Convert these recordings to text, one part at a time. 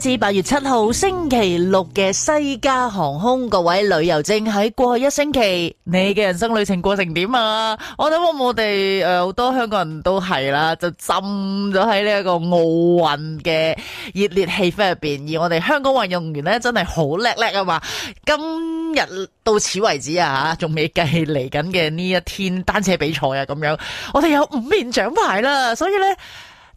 至八月七號星期六嘅西加航空，各位旅遊正喺，過去一星期，你嘅人生旅程過程點啊？我諗我哋誒好多香港人都係啦，就浸咗喺呢一個奧運嘅熱烈氣氛入邊，而我哋香港運動員呢，真係好叻叻啊嘛！今日到此為止啊，仲未計嚟緊嘅呢一天單車比賽啊咁樣，我哋有五面獎牌啦，所以呢。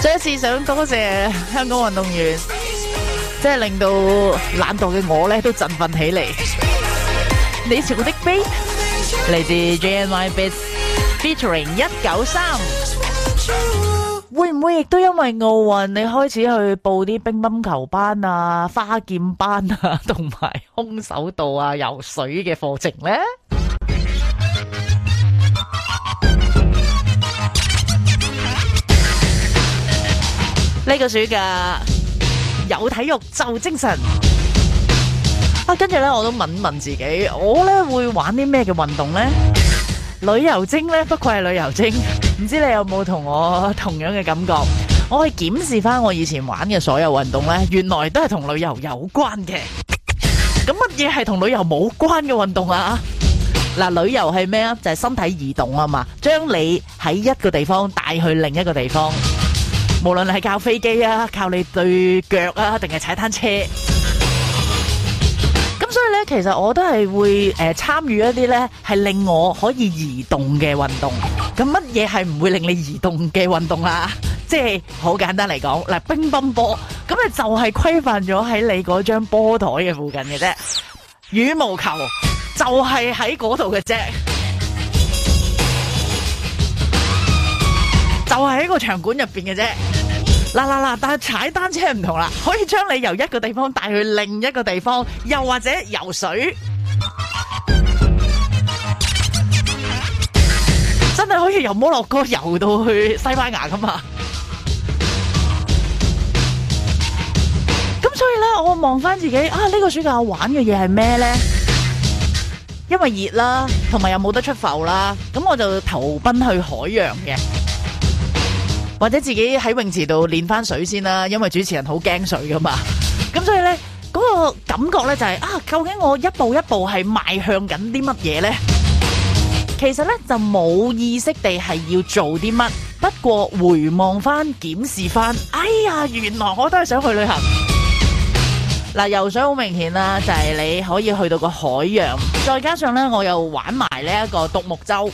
再一次想多謝香港運動員，即係令到懶惰嘅我呢都振奮起嚟，你是我的 beat，嚟自 JNY Beats Featuring 一九三。會唔會亦都因為奧運，你開始去報啲乒乓球班啊、花劍班啊，同埋空手道啊、游水嘅課程呢？呢個暑假有體育就精神啊！跟住呢，我都問問自己，我呢會玩啲咩嘅運動呢？旅遊精呢，不愧係旅遊精。唔知你有冇同我同樣嘅感覺？我去檢視返我以前玩嘅所有運動呢，原來都係同旅遊有關嘅。咁乜嘢係同旅遊冇關嘅運動啊？嗱，旅遊係咩啊？就係身體移動啊嘛，將你喺一個地方帶去另一個地方。無論係靠飛機啊，靠你對腳啊，定係踩單車。咁所以咧，其實我都係會誒參與一啲咧係令我可以移動嘅運動。咁乜嘢係唔會令你移動嘅運動啦？即係好簡單嚟講，嗱，乒乓波咁啊就係規範咗喺你嗰張波台嘅附近嘅啫。羽毛球就係喺嗰度嘅啫，就係喺個場館入邊嘅啫。嗱嗱嗱！但係踩單車唔同啦，可以將你由一個地方帶去另一個地方，又或者游水，真係可以由摩洛哥游到去西班牙噶嘛？咁 所以咧，我望翻自己啊，呢、呢個暑假玩嘅嘢係咩咧？因為熱啦，同埋又冇得出埠啦，咁我就投奔去海洋嘅。或者自己喺泳池度練翻水先啦，因為主持人好驚水噶嘛。咁所以呢，嗰個感覺呢就係啊，究竟我一步一步係邁向緊啲乜嘢呢？其實呢就冇意識地係要做啲乜，不過回望翻，檢視翻，哎呀，原來我都係想去旅行。嗱，游水好明顯啦，就係你可以去到個海洋，再加上呢我又玩埋呢一個獨木舟，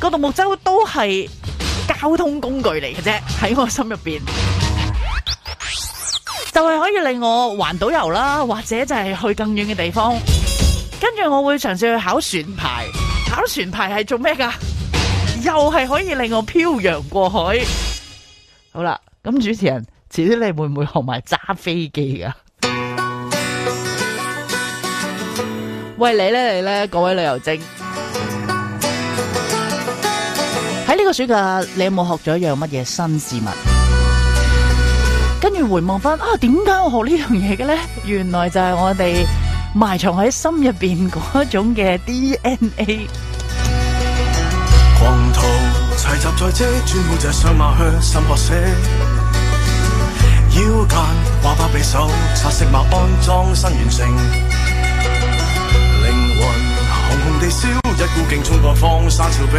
個獨木舟都係。交通工具嚟嘅啫，喺我心入邊就係可以令我環島遊啦，或者就係去更遠嘅地方。跟住我會嘗試去考船牌，考船牌係做咩噶？又係可以令我漂洋過海。好啦，咁主持人，遲啲你會唔會學埋揸飛機噶？喂，你咧，你咧，各位旅遊證。暑假你有冇學咗一樣乜嘢新事物？跟住回望翻啊，點解我學呢樣嘢嘅咧？原來就係我哋埋藏喺心入邊嗰種嘅 DNA。狂徒齊集在即，穿好這雙馬靴，心熱血。腰間掛把匕首，擦色馬鞍裝身完成。靈魂紅紅地燒，一股勁衝過荒山峭壁。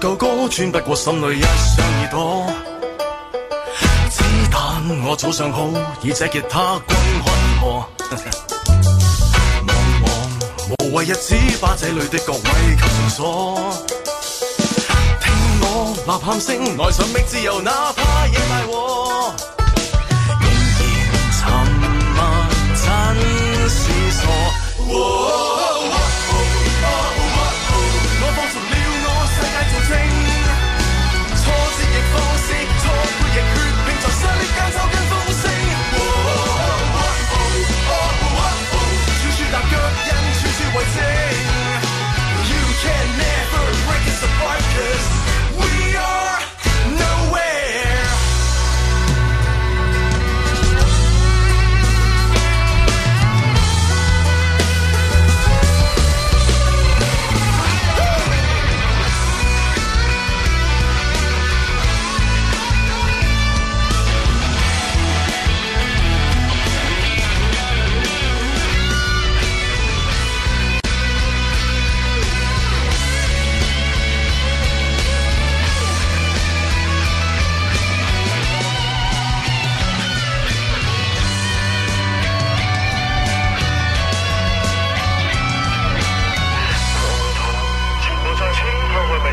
夠高，高，穿不過心裏一雙耳朵，子彈我早上好，以這吉他君君我。茫茫無謂日子，把這裏的各位囚鎖。聽我吶喊聲，來尋覓自由，哪怕惹大禍，仍然沉默真是傻。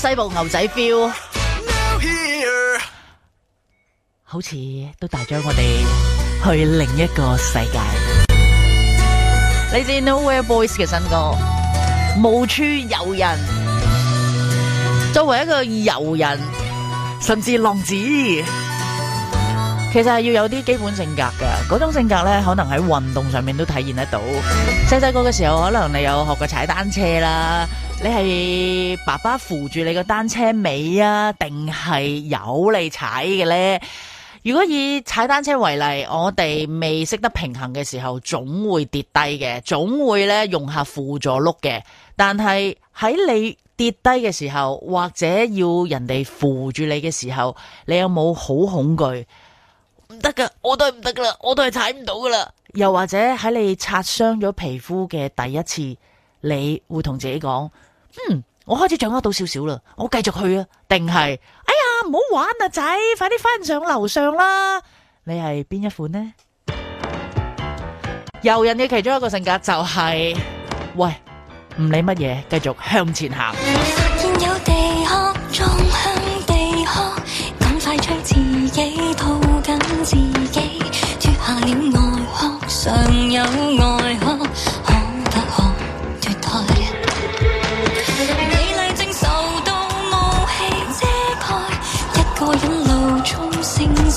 西部牛仔 feel，Now here. 好似都帶咗我哋去另一個世界。你知 Nowhere Boys 嘅新歌《無處遊人》，作為一個遊人甚至浪子， 其實係要有啲基本性格㗎。嗰種性格咧，可能喺運動上面都體現得到。細細個嘅時候，可能你有學過踩單車啦。你係爸爸扶住你個單車尾啊，定係由你踩嘅呢？如果以踩單車為例，我哋未識得平衡嘅時候，總會跌低嘅，總會咧用下輔助碌嘅。但係喺你跌低嘅時候，或者要人哋扶住你嘅時候，你有冇好恐懼？唔得噶，我都係唔得噶啦，我都係踩唔到噶啦。又或者喺你擦傷咗皮膚嘅第一次，你會同自己講：嗯，我開始掌握到少少啦，我繼續去啊，定係哎呀唔好玩啊，仔，快啲翻上樓上啦！你係邊一款呢？遊人嘅其中一個性格就係、是，喂，唔理乜嘢，繼續向前行。發現有地殼，仲向地殼，咁快吹自己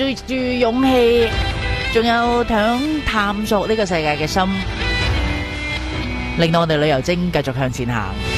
追住勇氣，仲有想探索呢個世界嘅心，令到我哋旅遊精繼續向前行。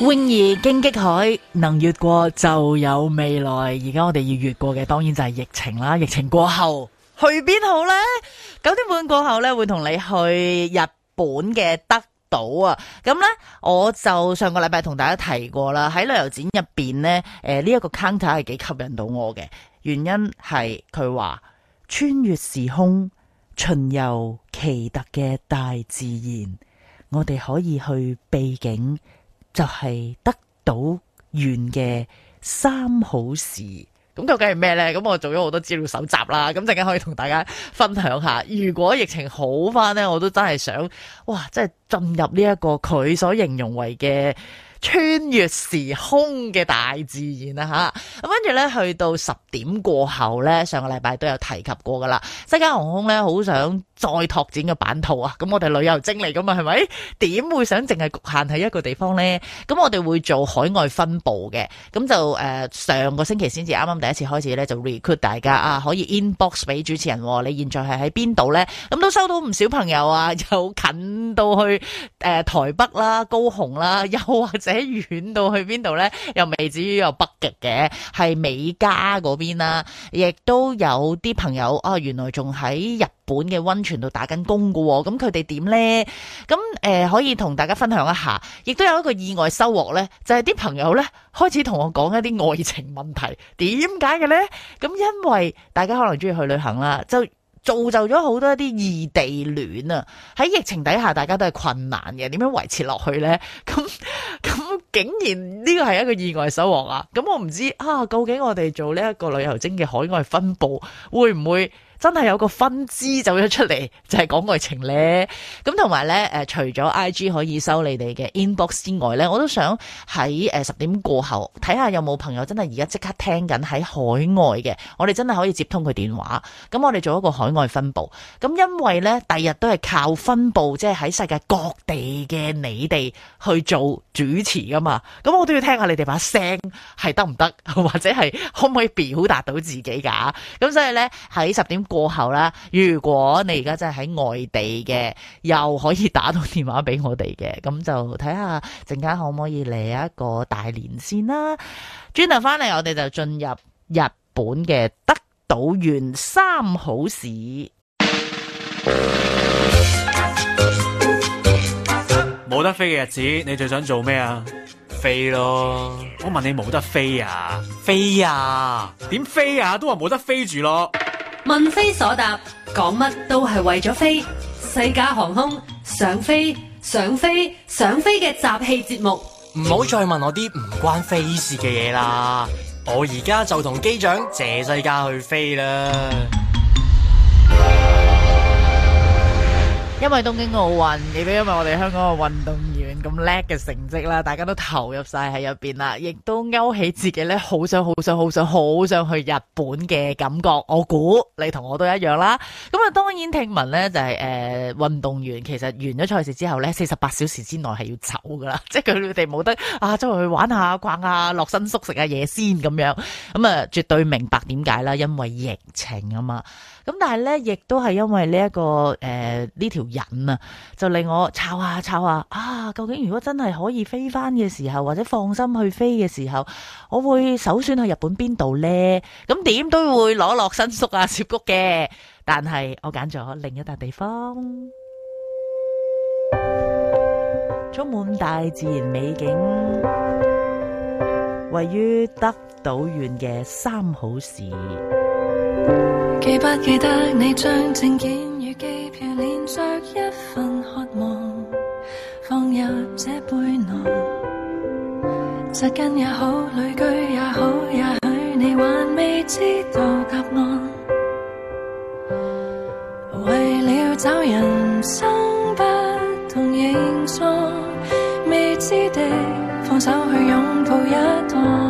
泳兒，荊棘海，能越過就有未來。而家我哋要越過嘅，當然就係疫情啦。疫情過後，去邊好呢？九點半過後呢，會同你去日本嘅德島啊。咁呢，我就上個禮拜同大家提過啦。喺旅遊展入邊呢，誒、呃，呢、這、一個 counter 係幾吸引到我嘅，原因係佢話穿越時空，巡遊奇特嘅大自然，我哋可以去秘境。就係得到完嘅三好事，咁究竟係咩呢？咁我做咗好多資料搜集啦，咁陣間可以同大家分享下。如果疫情好翻呢，我都真係想，哇！即係進入呢一個佢所形容為嘅。穿越時空嘅大自然啊吓，咁跟住咧去到十點過後咧，上個禮拜都有提及過噶啦。西加航空咧好想再拓展嘅版圖啊，咁我哋旅遊精嚟噶嘛係咪？點會想淨係局限喺一個地方咧？咁我哋會做海外分部嘅，咁就誒、呃、上個星期先至啱啱第一次開始咧就 recruit 大家啊，可以 inbox 俾主持人、哦。你現在係喺邊度咧？咁都收到唔少朋友啊，又近到去誒、呃、台北啦、高雄啦，又或者～喺遠到去邊度呢？又未至於有北極嘅，係美加嗰邊啦，亦都有啲朋友啊、哦，原來仲喺日本嘅溫泉度打緊工㗎，咁佢哋點呢？咁誒、呃，可以同大家分享一下，亦都有一個意外收穫呢，就係、是、啲朋友呢，開始同我講一啲愛情問題，點解嘅呢？咁因為大家可能中意去旅行啦，就。造就咗好多一啲異地戀啊！喺疫情底下，大家都係困難嘅，點樣維持落去呢？咁 咁竟然呢個係一個意外收穫啊！咁我唔知啊，究竟我哋做呢一個旅遊精嘅海外分佈，會唔會？真係有個分支走咗出嚟，就係講愛情咧。咁同埋咧，誒除咗 IG 可以收你哋嘅 inbox 之外咧，我都想喺誒十點過後睇下有冇朋友真係而家即刻聽緊喺海外嘅，我哋真係可以接通佢電話，咁我哋做一個海外分部，咁因為咧，第日都係靠分部，即係喺世界各地嘅你哋去做主持噶嘛。咁我都要聽下你哋把聲係得唔得，或者係可唔可以表達到自己㗎？咁所以咧，喺十點過後。過後啦，如果你而家真係喺外地嘅，又可以打到電話俾我哋嘅，咁就睇下陣間可唔可以嚟一個大連線啦。轉頭翻嚟，我哋就進入日本嘅德島縣三好市。冇得飛嘅日子，你最想做咩啊？飛咯！我問你冇得飛啊？飛啊？點飛啊？都話冇得飛住咯。問非所答，講乜都係為咗飛。西加航空想飛想飛想飛嘅集氣節目，唔好再問我啲唔關飛事嘅嘢啦。我而家就同機長借西加去飛啦。因為東京奧運，亦都因為我哋香港嘅運動。咁叻嘅成績啦，大家都投入晒喺入邊啦，亦都勾起自己咧好想好想好想好想去日本嘅感覺。我估你同我都一樣啦。咁啊，當然聽聞咧就係、是、誒、呃、運動員其實完咗賽事之後咧，四十八小時之內係要走噶啦，即係佢哋冇得啊，周圍去玩下逛下，落新宿食下、啊、嘢先咁樣。咁啊，絕對明白點解啦，因為疫情啊嘛。咁但係咧，亦都係因為呢、這、一個誒呢、呃、條癮啊，就令我抄下抄下啊！究竟如果真係可以飛翻嘅時候，或者放心去飛嘅時候，我會首選去日本邊度呢？咁點都會攞落新宿啊、涉谷嘅，但係我揀咗另一笪地方，充滿大自然美景，位於德島縣嘅三好市。記不記得你將證件與機票連着一份渴望放入這背囊，紮根也好，旅居也好也，也許你還未知道答案。為了找人生不同形狀，未知的，放手去擁抱一趟。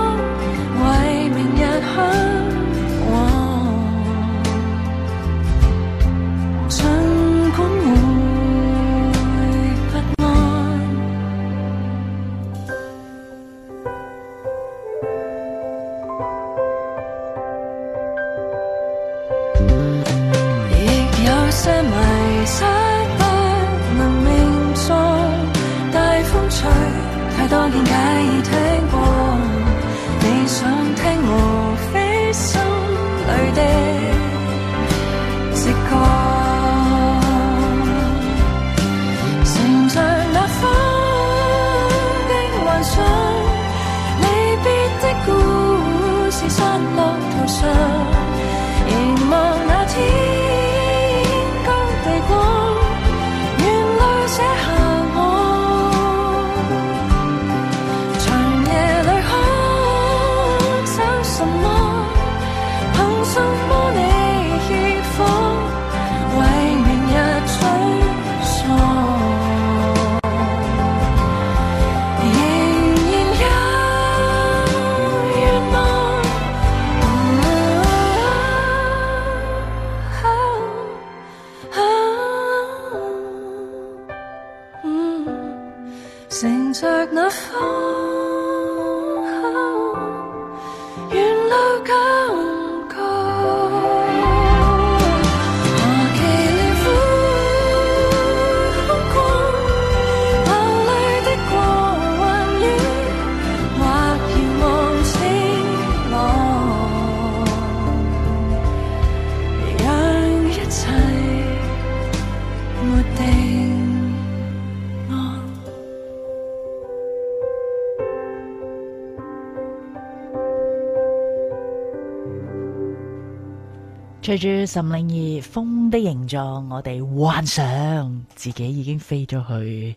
隨住岑靈兒風的形狀，我哋幻想自己已經飛咗去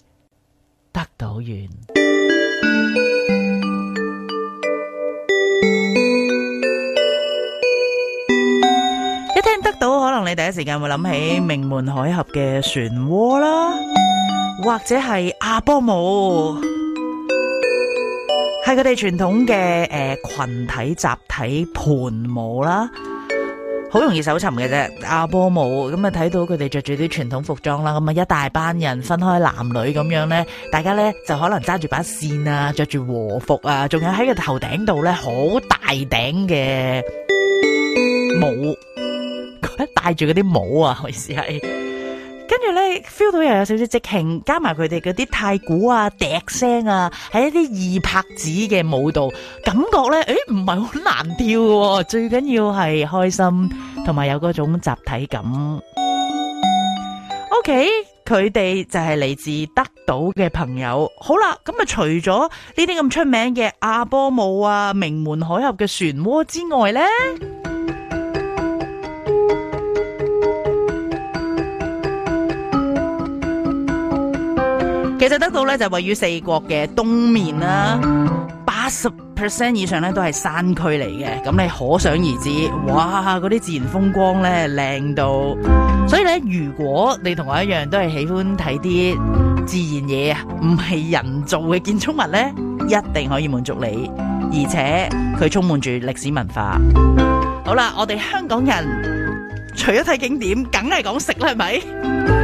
德島縣。一聽德島，可能你第一時間會諗起鳴門海峽嘅漩渦啦，或者係阿波舞，係佢哋傳統嘅誒、呃、群體集體盤舞啦。好容易搜尋嘅啫，阿、啊、波姆咁啊，睇到佢哋着住啲傳統服裝啦，咁啊一大班人分開男女咁樣咧，大家咧就可能揸住把線啊，着住和服啊，仲有喺個頭頂度咧好大頂嘅帽，戴住嗰啲帽啊，好意思係。跟住咧，feel 到又有少少即興，加埋佢哋嗰啲太鼓啊、笛聲啊，喺一啲二拍子嘅舞蹈，感覺咧，誒、欸，唔係好難跳、啊，最緊要係開心，同埋有嗰種集體感。OK，佢哋就係嚟自德島嘅朋友。好啦，咁啊，除咗呢啲咁出名嘅阿波舞啊、名門海峽嘅漩渦之外咧。其實德島咧就位於四國嘅東面啦，八十 percent 以上咧都係山區嚟嘅，咁你可想而知，哇嗰啲自然風光咧靚到，所以咧如果你同我一樣都係喜歡睇啲自然嘢啊，唔係人造嘅建築物咧，一定可以滿足你，而且佢充滿住歷史文化。好啦，我哋香港人除咗睇景點，梗係講食啦，係咪？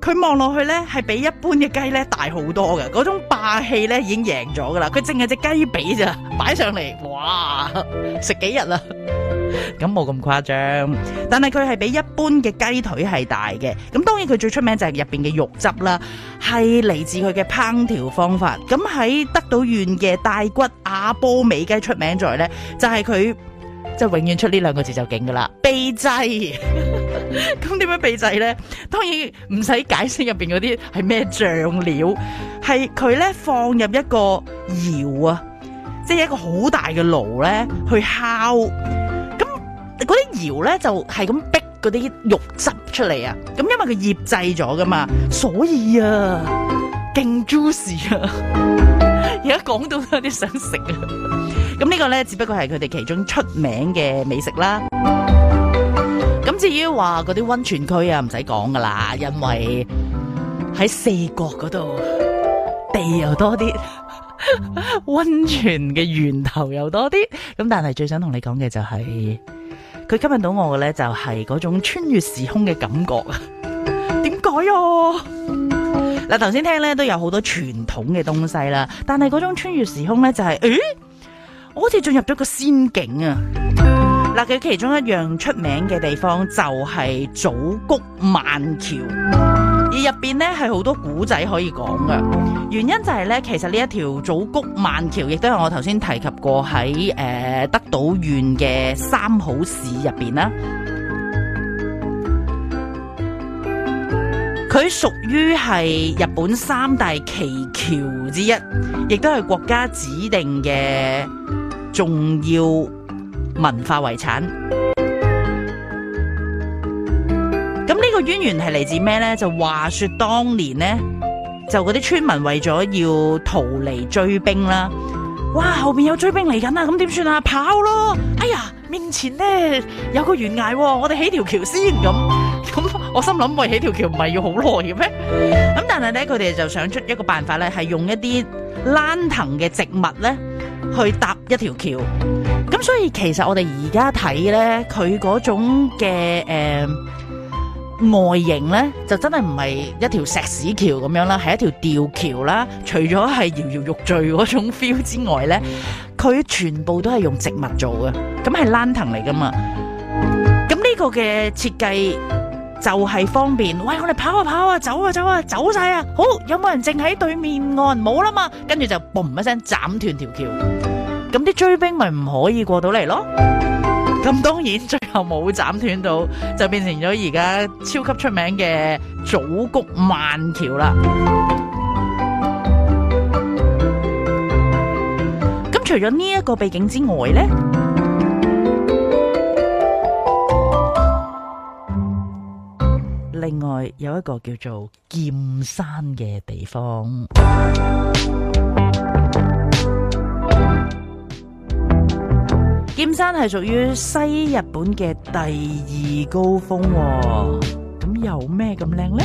佢望落去咧，係比一般嘅雞咧大好多嘅，嗰種霸氣咧已經贏咗噶啦。佢淨係隻雞髀咋，擺上嚟，哇，食幾日啦，咁冇咁誇張，但係佢係比一般嘅雞腿係大嘅。咁當然佢最出名就係入邊嘅肉汁啦，係嚟自佢嘅烹調方法。咁喺德島縣嘅大骨阿波美雞出名在咧，就係佢。即係永遠出呢兩個字就勁噶啦，秘製。咁點解秘製咧？當然唔使解釋，入邊嗰啲係咩醬料，係佢咧放入一個窑啊，即係一個好大嘅爐咧去烤。咁嗰啲窑咧就係咁逼嗰啲肉汁出嚟啊。咁因為佢醃製咗噶嘛，所以啊，勁 juicy 啊！ 而家講到都有啲想食啊！咁呢個咧只不過係佢哋其中出名嘅美食啦。咁至於話嗰啲溫泉區啊，唔使講噶啦，因為喺四國嗰度地又多啲，溫泉嘅源頭又多啲。咁但係最想同你講嘅就係，佢吸引到我嘅咧，就係嗰種穿越時空嘅感覺。點解啊？嗱，頭先聽咧都有好多傳統嘅東西啦，但係嗰種穿越時空咧就係、是，誒，我好似進入咗個仙境啊！嗱，佢其中一樣出名嘅地方就係祖谷萬橋，而入邊咧係好多古仔可以講㗎。原因就係咧，其實呢一條祖谷萬橋亦都係我頭先提及過喺誒、呃、德島縣嘅三好市入邊啦。佢屬於係日本三大奇橋之一，亦都係國家指定嘅重要文化遺產。咁呢 個淵源係嚟自咩呢？就話說當年呢，就嗰啲村民為咗要逃離追兵啦，哇！後面有追兵嚟緊啊，咁點算啊？跑咯！哎呀，面前呢有個懸崖，哦，我哋起條橋先咁。我心諗，喂，起條橋唔係要好耐嘅咩？咁、嗯嗯、但係咧，佢哋就想出一個辦法咧，係用一啲纜藤嘅植物咧，去搭一條橋。咁所以其實我哋而家睇咧，佢嗰種嘅誒、呃、外形咧，就真係唔係一條石屎橋咁樣啦，係一條吊橋啦。除咗係搖搖欲墜嗰種 feel 之外咧，佢全部都係用植物做嘅，咁係纜藤嚟噶嘛？咁呢個嘅設計。就係方便，喂，我哋跑啊跑啊，走啊走啊，走晒啊，啊，啊，好，有冇人淨喺對面岸冇啦嘛，跟住就嘣一聲斬斷條橋，咁啲追兵咪唔可以過到嚟咯，咁 當然最後冇斬斷到，就變成咗而家超級出名嘅祖谷萬橋啦。咁 除咗呢一個背景之外咧，另外有一個叫做劍山嘅地方，劍山係屬於西日本嘅第二高峰喎，咁有咩咁靚呢？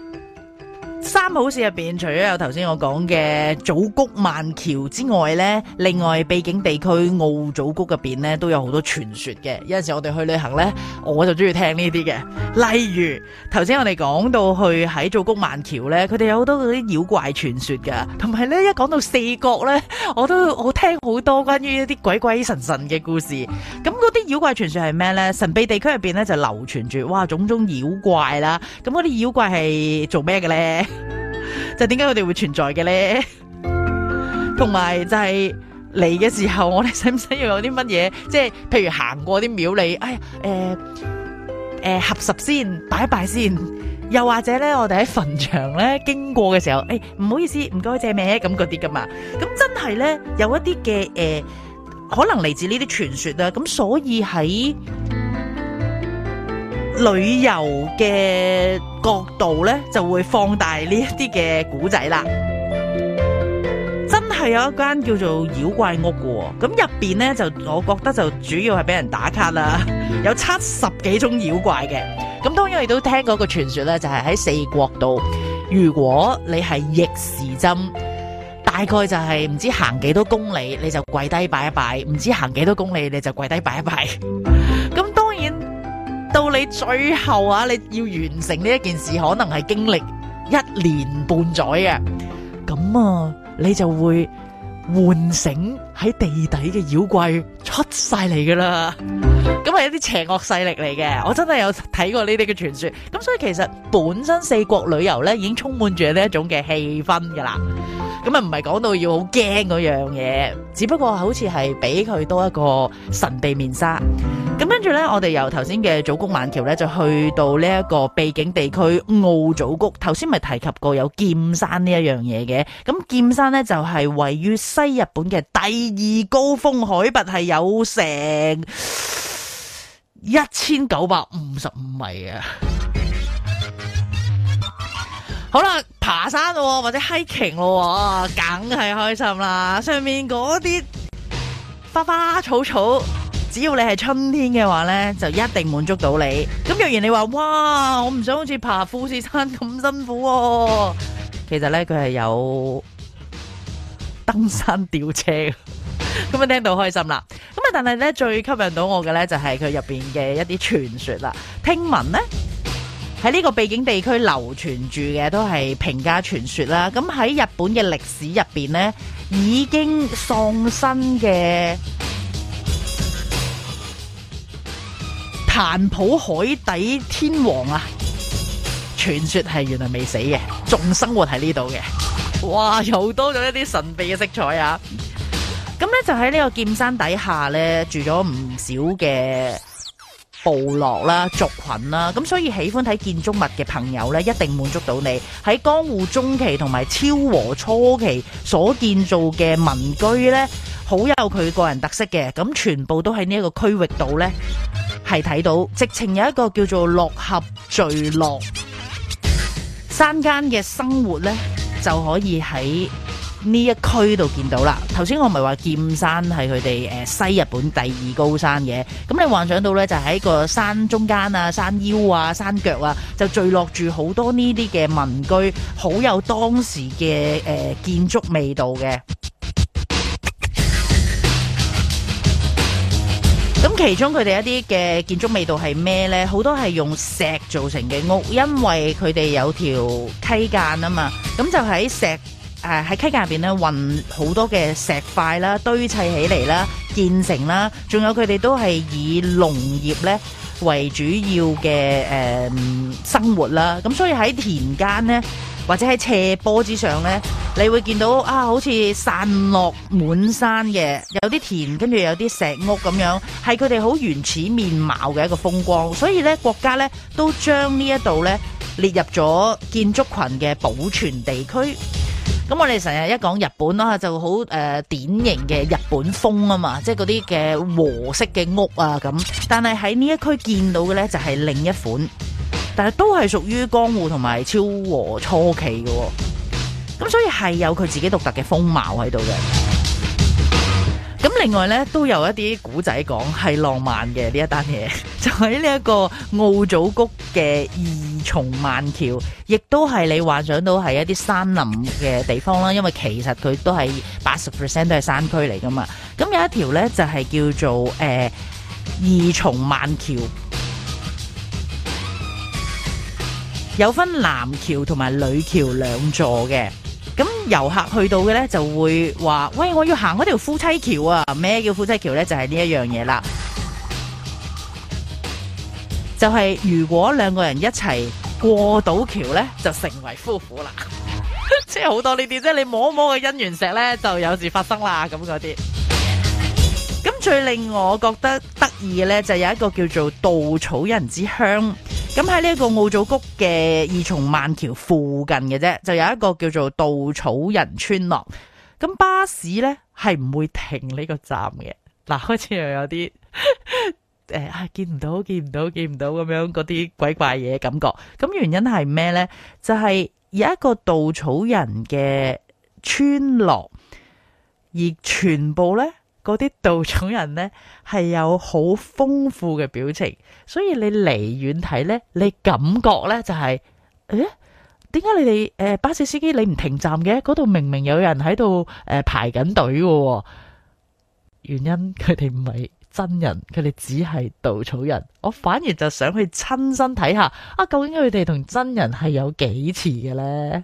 三好市入邊，除咗有頭先我講嘅祖谷萬橋之外呢，另外秘境地區奧祖谷入邊呢都有好多傳說嘅。有陣時我哋去旅行呢，我就中意聽呢啲嘅。例如頭先我哋講到去喺祖谷萬橋呢，佢哋有好多嗰啲妖怪傳說噶。同埋呢，一講到四國呢，我都我聽好多關於一啲鬼鬼神神嘅故事。咁嗰啲妖怪傳說係咩呢？神秘地區入邊呢，就流傳住哇種種妖怪啦。咁嗰啲妖怪係做咩嘅呢？就點解佢哋會存在嘅咧？同埋就係嚟嘅時候，我哋使唔使要有啲乜嘢？即係譬如行過啲廟裏，哎誒誒、呃呃、合十先，拜一拜先。又或者咧，我哋喺墳場咧經過嘅時候，誒、哎、唔好意思，唔該借咩咁嗰啲噶嘛。咁真係咧有一啲嘅誒，可能嚟自呢啲傳說啊。咁所以喺。旅遊嘅角度呢，就會放大呢一啲嘅古仔啦。真係有一間叫做妖怪屋嘅，咁入邊呢，就，我覺得就主要係俾人打卡啦。有七十幾種妖怪嘅，咁當然你都聽過個傳說呢，就係喺四國度，如果你係逆時針，大概就係唔知行幾多公里，你就跪低擺一擺；唔知行幾多公里，你就跪低擺一擺咁 到你最後啊，你要完成呢一件事，可能係經歷一年半載嘅，咁啊，你就會喚醒喺地底嘅妖怪出晒嚟噶啦。咁係一啲邪惡勢力嚟嘅，我真係有睇過呢啲嘅傳說。咁所以其實本身四國旅遊呢，已經充滿住呢一種嘅氣氛噶啦。咁啊，唔係講到要好驚嗰樣嘢，只不過好似係俾佢多一個神秘面紗。咁跟住呢，我哋由頭先嘅祖谷晚橋呢，就去到呢一個秘境地區奧祖谷。頭先咪提及過有劍山呢一樣嘢嘅。咁劍山呢，就係、是、位於西日本嘅第二高峰，海拔係有成一千九百五十五米啊！好啦，爬山咯、哦，或者 hiking 喎、哦，咯，梗係開心啦。上面嗰啲花花草草。只要你係春天嘅話呢，就一定滿足到你。咁若然你話，哇，我唔想好似爬富士山咁辛苦，哦，其實呢，佢係有登山吊車的。咁 啊，聽到開心啦。咁啊，但係呢，最吸引到我嘅呢，就係佢入邊嘅一啲傳說啦。聽聞呢，喺呢個秘境地區流傳住嘅都係平家傳說啦。咁喺日本嘅歷史入邊呢，已經喪生嘅。檀浦海底天王啊，傳說係原來未死嘅，仲生活喺呢度嘅。哇，又多咗一啲神秘嘅色彩啊！咁咧就喺呢個劍山底下咧，住咗唔少嘅部落啦、族群啦，咁所以喜歡睇建築物嘅朋友咧，一定滿足到你。喺江戶中期同埋昭和初期所建造嘅民居咧，好有佢個人特色嘅。咁全部都喺呢一個區域度咧。係睇到，直情有一個叫做落合聚落，山間嘅生活呢就可以喺呢一區度見到啦。頭先我咪話劍山係佢哋誒西日本第二高山嘅，咁你幻想到呢，就喺、是、個山中間啊，山腰啊、山腳啊，就聚落住好多呢啲嘅民居，好有當時嘅誒、呃、建築味道嘅。咁其中佢哋一啲嘅建築味道係咩呢？好多係用石做成嘅屋，因為佢哋有條溪澗啊嘛，咁就喺石喺、呃、溪澗入邊咧運好多嘅石塊啦，堆砌起嚟啦，建成啦，仲有佢哋都係以農業咧為主要嘅誒、呃、生活啦，咁所以喺田間呢。或者喺斜坡之上呢，你會見到啊，好似散落滿山嘅，有啲田，跟住有啲石屋咁樣，係佢哋好原始面貌嘅一個風光。所以呢國家呢，都將這裏呢一度呢列入咗建築群嘅保存地區。咁我哋成日一講日本啦，就好誒、呃、典型嘅日本風啊嘛，即係嗰啲嘅和式嘅屋啊咁。但係喺呢一區見到嘅呢，就係、是、另一款。但係都係屬於江戶同埋超和初期嘅、哦，咁所以係有佢自己獨特嘅風貌喺度嘅。咁另外呢,都有一啲古仔講係浪漫嘅呢一單嘢，這 就喺呢一個奧祖谷嘅二重萬橋，亦都係你幻想到係一啲山林嘅地方啦。因為其實佢都係八十 percent 都係山區嚟噶嘛。咁有一條呢，就係、是、叫做誒、呃、二重萬橋。有分男橋同埋女橋兩座嘅，咁遊客去到嘅呢，就會話：喂，我要行嗰條夫妻橋啊！咩叫夫妻橋呢？就係呢一樣嘢啦，就係、是、如果兩個人一齊過到橋呢，就成為夫婦啦。即係好多呢啲，即係你摸摸嘅姻緣石呢，就有事發生啦，咁嗰啲。最令我覺得得意咧，就有一個叫做稻草人之鄉，咁喺呢一個奧祖谷嘅二重萬橋附近嘅啫，就有一個叫做稻草人村落。咁巴士咧係唔會停呢個站嘅。嗱、啊，好似又有啲誒、 啊，見唔到，見唔到，見唔到咁樣嗰啲鬼怪嘢感覺。咁原因係咩咧？就係、是、有一個稻草人嘅村落，而全部咧。嗰啲稻草人呢，係有好豐富嘅表情，所以你離遠睇呢，你感覺呢、就係，就、欸、係，誒，點解你哋誒巴士司機你唔停站嘅？嗰度明明有人喺度誒排緊隊嘅。原因佢哋唔係真人，佢哋只係稻草人。我反而就想去親身睇下，啊，究竟佢哋同真人係有幾似嘅呢？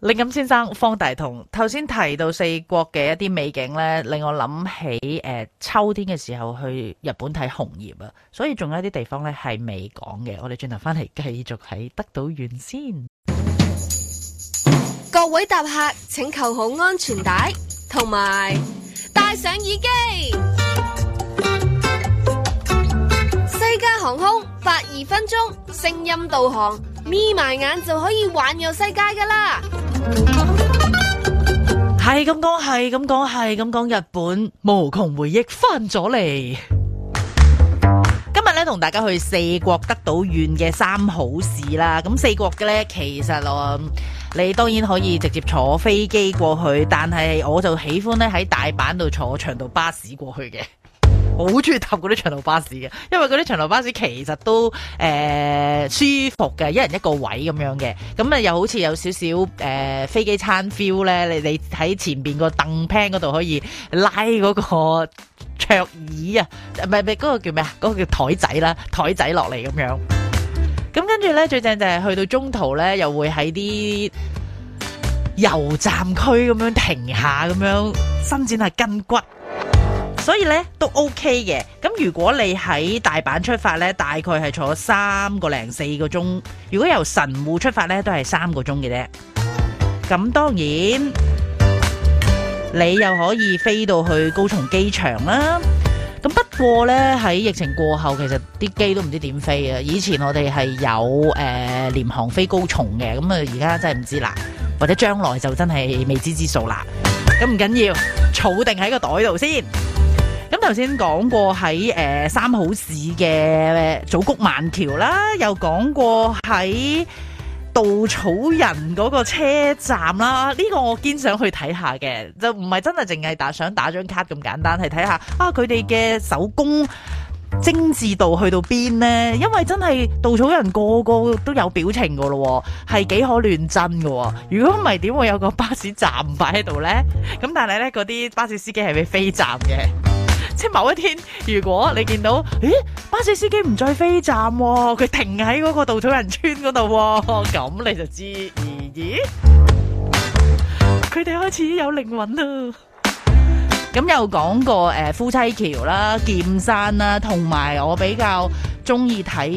李錦先生，方大同頭先提到四國嘅一啲美景咧，令我諗起誒秋天嘅時候去日本睇紅葉啊。所以仲有一啲地方咧係未講嘅，我哋轉頭翻嚟繼續喺德島縣先。各位搭客，請扣好安全帶，同埋戴上耳機。西加航空發二分鐘聲音導航。眯埋眼就可以環遊世界噶啦，係咁講，係咁講，係咁講，日本無窮回憶翻咗嚟。 今日咧同大家去四國德島縣嘅三好市啦。咁四國嘅咧，其實我你當然可以直接坐飛機過去，但係我就喜歡咧喺大阪度坐長途巴士過去嘅。好中意搭嗰啲長途巴士嘅，因為嗰啲長途巴士其實都誒、呃、舒服嘅，一人一個位咁樣嘅，咁啊又好似有少少誒飛機餐 feel 咧，你你喺前邊個凳 pan 嗰度可以拉嗰個桌椅啊，唔係唔係嗰個叫咩啊，嗰、嗰個叫台仔啦，台仔落嚟咁樣。咁跟住咧最正就係去到中途咧，又會喺啲油站區咁樣停下樣，咁樣伸展下筋骨。所以咧都 OK 嘅，咁如果你喺大阪出發咧，大概係坐三個零四個鐘；如果由神戶出發咧，都係三個鐘嘅啫。咁當然，你又可以飛到去高松機場啦。咁不過咧喺疫情過後，其實啲機都唔知點飛啊。以前我哋係有誒、呃、廉航飛高松嘅，咁啊而家真係唔知啦，或者將來就真係未知之數啦。咁唔緊要，儲定喺個袋度先。咁頭先講過喺誒三好市嘅祖谷蔓橋啦，又講過喺稻草人嗰個車站啦。呢、這個我堅想去睇下嘅，就唔係真係淨係打想打張卡咁簡單，係睇下啊佢哋嘅手工精緻度去到邊呢？因為真係稻草人個個都有表情噶咯，係幾可亂真噶。如果唔係，點會有個巴士站擺喺度呢？咁但係呢，嗰啲巴士司機係咪飛站嘅？即係某一天，如果你見到，咦，巴士司機唔再飛站、啊，佢停喺嗰個稻草人村嗰度、啊，咁你就知，咦？咦，佢哋開始有靈魂啦。咁又講過誒、呃，夫妻橋啦，劍山啦，同埋我比較中意睇，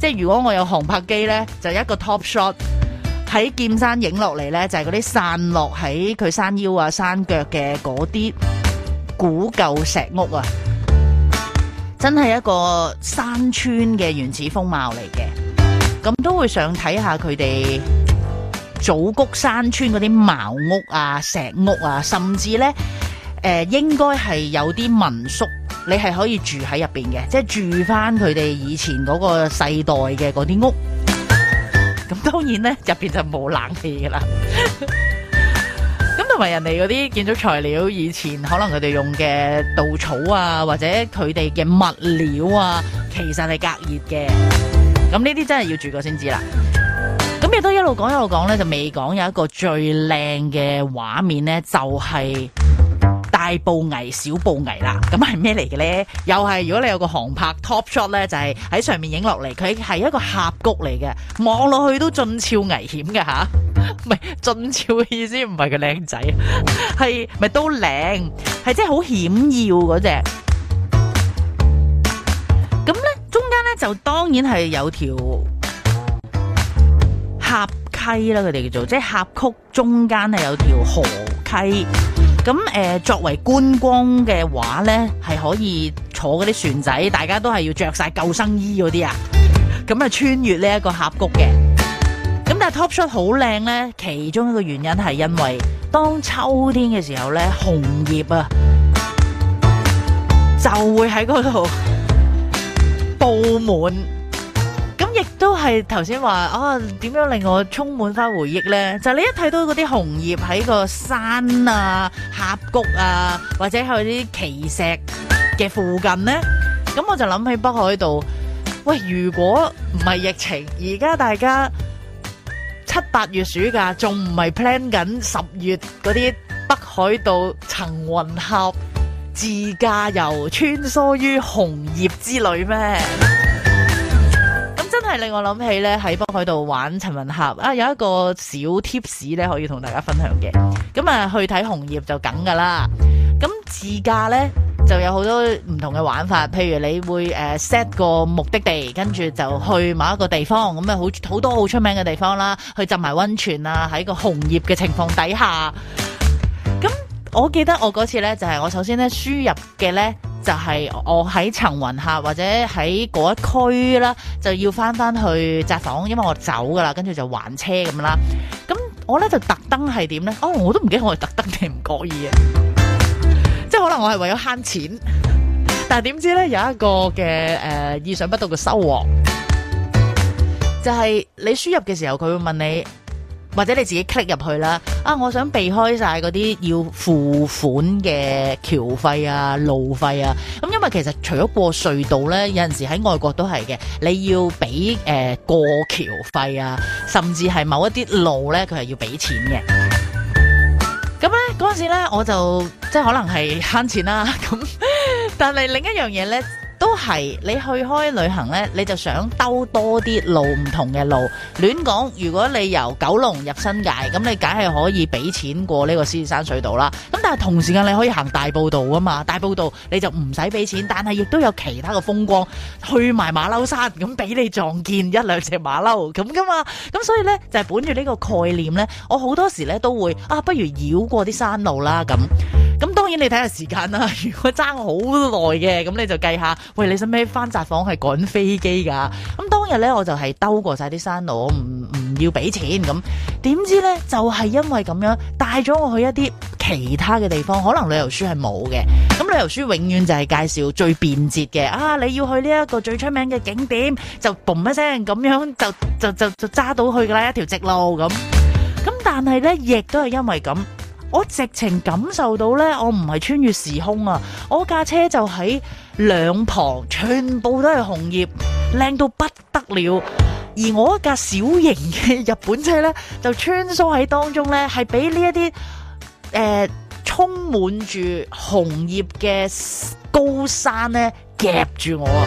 即係如果我有航拍機咧，就一個 top shot 睇劍山影落嚟咧，就係嗰啲散落喺佢山腰啊、山腳嘅嗰啲。古舊石屋啊，真係一個山村嘅原始風貌嚟嘅，咁都會想睇下佢哋祖谷山村嗰啲茅屋啊、石屋啊，甚至呢，誒、呃，應該係有啲民宿，你係可以住喺入邊嘅，即係住翻佢哋以前嗰個世代嘅嗰啲屋。咁當然呢，入邊就冇冷氣噶啦。 同埋人哋嗰啲建築材料，以前可能佢哋用嘅稻草啊，或者佢哋嘅物料啊，其實係隔熱嘅。咁呢啲真係要住過先知啦。咁亦都一路講一路講咧，就未講有一個最靚嘅畫面咧，就係、是。大步危，小步危啦，咁係咩嚟嘅咧？又係如果你有個航拍 top shot 咧，就係、是、喺上面影落嚟，佢係一個峽谷嚟嘅，望落去都俊俏危險嘅吓。唔係俊俏嘅意思不是，唔係個靚仔，係咪都靚？係即係好險要嗰隻。咁咧中間咧就當然係有條峽溪啦，佢哋叫做即係峽谷中間係有條河溪。咁誒，呃，作為觀光嘅話咧，係可以坐嗰啲船仔，大家都係要着晒救生衣嗰啲啊，咁啊穿越呢一個峽谷嘅。咁但係 Top Shot 好靚咧，其中一個原因係因為當秋天嘅時候咧，紅葉啊就會喺嗰度布滿。都係頭先話啊點樣令我充滿翻回憶呢？就你一睇到嗰啲紅葉喺個山啊、峽谷啊，或者係啲奇石嘅附近呢，咁我就諗起北海道。喂，如果唔係疫情，而家大家七八月暑假仲唔係 plan 緊十月嗰啲北海道層雲峽自駕遊穿梭於紅葉之旅咩？令我諗起咧，喺北海道玩陳文俠啊，有一個小 tips 咧，可以同大家分享嘅。咁啊，去睇紅葉就梗㗎啦。咁自駕咧就有好多唔同嘅玩法，譬如你會誒 set、呃、個目的地，跟住就去某一個地方。咁啊，好好多好出名嘅地方啦，去浸埋温泉啊，喺個紅葉嘅情況底下。咁我記得我嗰次咧，就係、是、我首先咧輸入嘅咧。就係我喺層云下或者喺嗰一區啦，就要翻翻去扎房，因為我走噶啦，跟住就還車咁啦。咁我咧就特登係點咧？哦，我都唔記得我係特登定唔覺意啊！即係可能我係為咗慳錢，但係點知咧有一個嘅誒、呃、意想不到嘅收穫，就係、是、你輸入嘅時候，佢會問你。或者你自己 click 入去啦，啊，我想避開晒嗰啲要付款嘅橋費啊、路費啊，咁因為其實除咗過隧道呢，有陣時喺外國都係嘅，你要俾誒、呃、過橋費啊，甚至係某一啲路呢，佢係要俾錢嘅。咁呢嗰陣時呢，我就即係可能係慳錢啦，咁但係另一樣嘢呢。都係你去開旅行呢，你就想兜多啲路，唔同嘅路。亂講，如果你由九龍入新界，咁你梗係可以俾錢過呢個獅子山隧道啦。咁但係同時間你可以行大埔道啊嘛，大埔道你就唔使俾錢，但係亦都有其他嘅風光，去埋馬騮山咁，俾你撞見一兩隻馬騮咁噶嘛。咁所以呢，就係本住呢個概念呢。我好多時呢，都會啊，不如繞過啲山路啦咁咁。當然你睇下時間啦，如果爭好耐嘅，咁你就計下。喂，你使咩翻窄房係趕飛機噶？咁當日呢，我就係兜過晒啲山路，唔唔要俾錢。咁點知呢，就係因為咁樣帶咗我去一啲其他嘅地方，可能旅遊書係冇嘅。咁旅遊書永遠就係介紹最便捷嘅。啊，你要去呢一個最出名嘅景點，就嘣一聲咁樣就就就揸到去噶啦，一條直路咁。咁但係呢，亦都係因為咁。我直情感受到呢，我唔係穿越時空啊！我架車就喺兩旁，全部都係紅葉，靚到不得了。而我一架小型嘅日本車呢，就穿梭喺當中呢，係俾呢一啲誒充滿住紅葉嘅高山呢夾住我啊！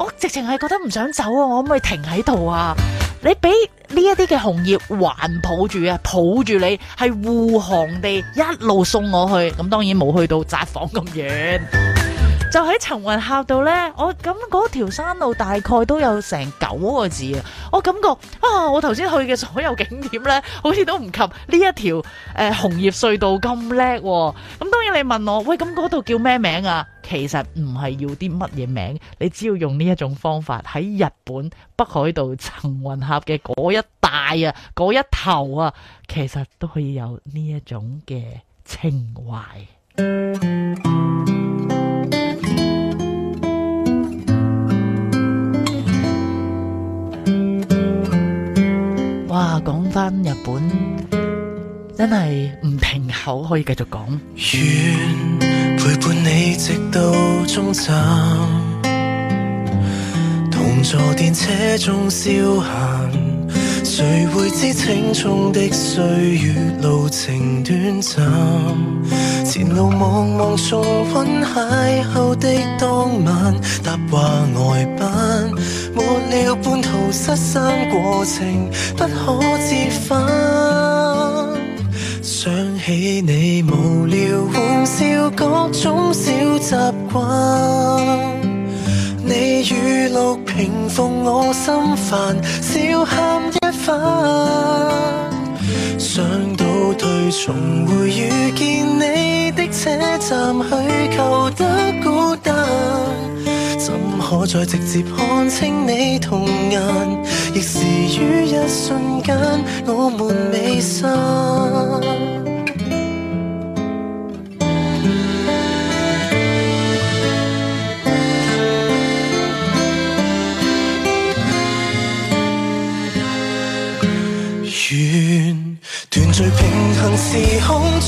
我直情係覺得唔想走啊！我可唔可以停喺度啊？你俾呢一啲嘅紅葉環抱住啊，抱住你係護航地一路送我去，咁當然冇去到札幌咁遠。就喺層雲峽度呢，我咁嗰條山路大概都有成九個字啊！我感覺啊，我頭先去嘅所有景點呢，好似都唔及呢一條誒、呃、紅葉隧道咁叻、哦。咁當然你問我喂，咁嗰度叫咩名啊？其實唔係要啲乜嘢名，你只要用呢一種方法喺日本北海道層雲峽嘅嗰一帶啊，嗰一頭啊，其實都可以有呢一種嘅情懷。嗯講翻日本，真係唔停口，可以繼續講。願陪伴你直到終站，同坐電車中消閒。誰會知青蔥的歲月，路程短暫，前路茫茫，重溫邂逅的當晚，搭話外班，沒了半途失散，過程不可折返。想起你無聊玩笑，各種小習慣。你語錄平復我心煩，笑喊一番。想到退重回遇見你的車站，去求得孤單，怎可再直接看清你瞳眼？亦是於一瞬間，我們未散。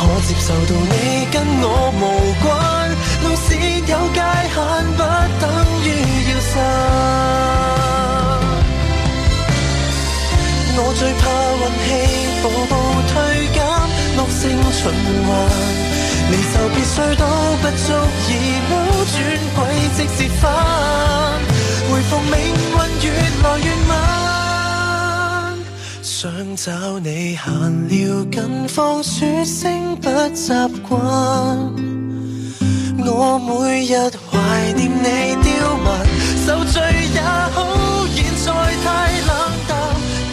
可接受到你跟我無關，路線有界限，不等於要散。我最怕運氣步步退減，惡性循環，離愁別緒都不足以扭轉軌跡折返，回復命運越來越慢。想找你閒聊近況，說聲不習慣。我每日懷念你刁蠻，受罪也好，現在太冷淡。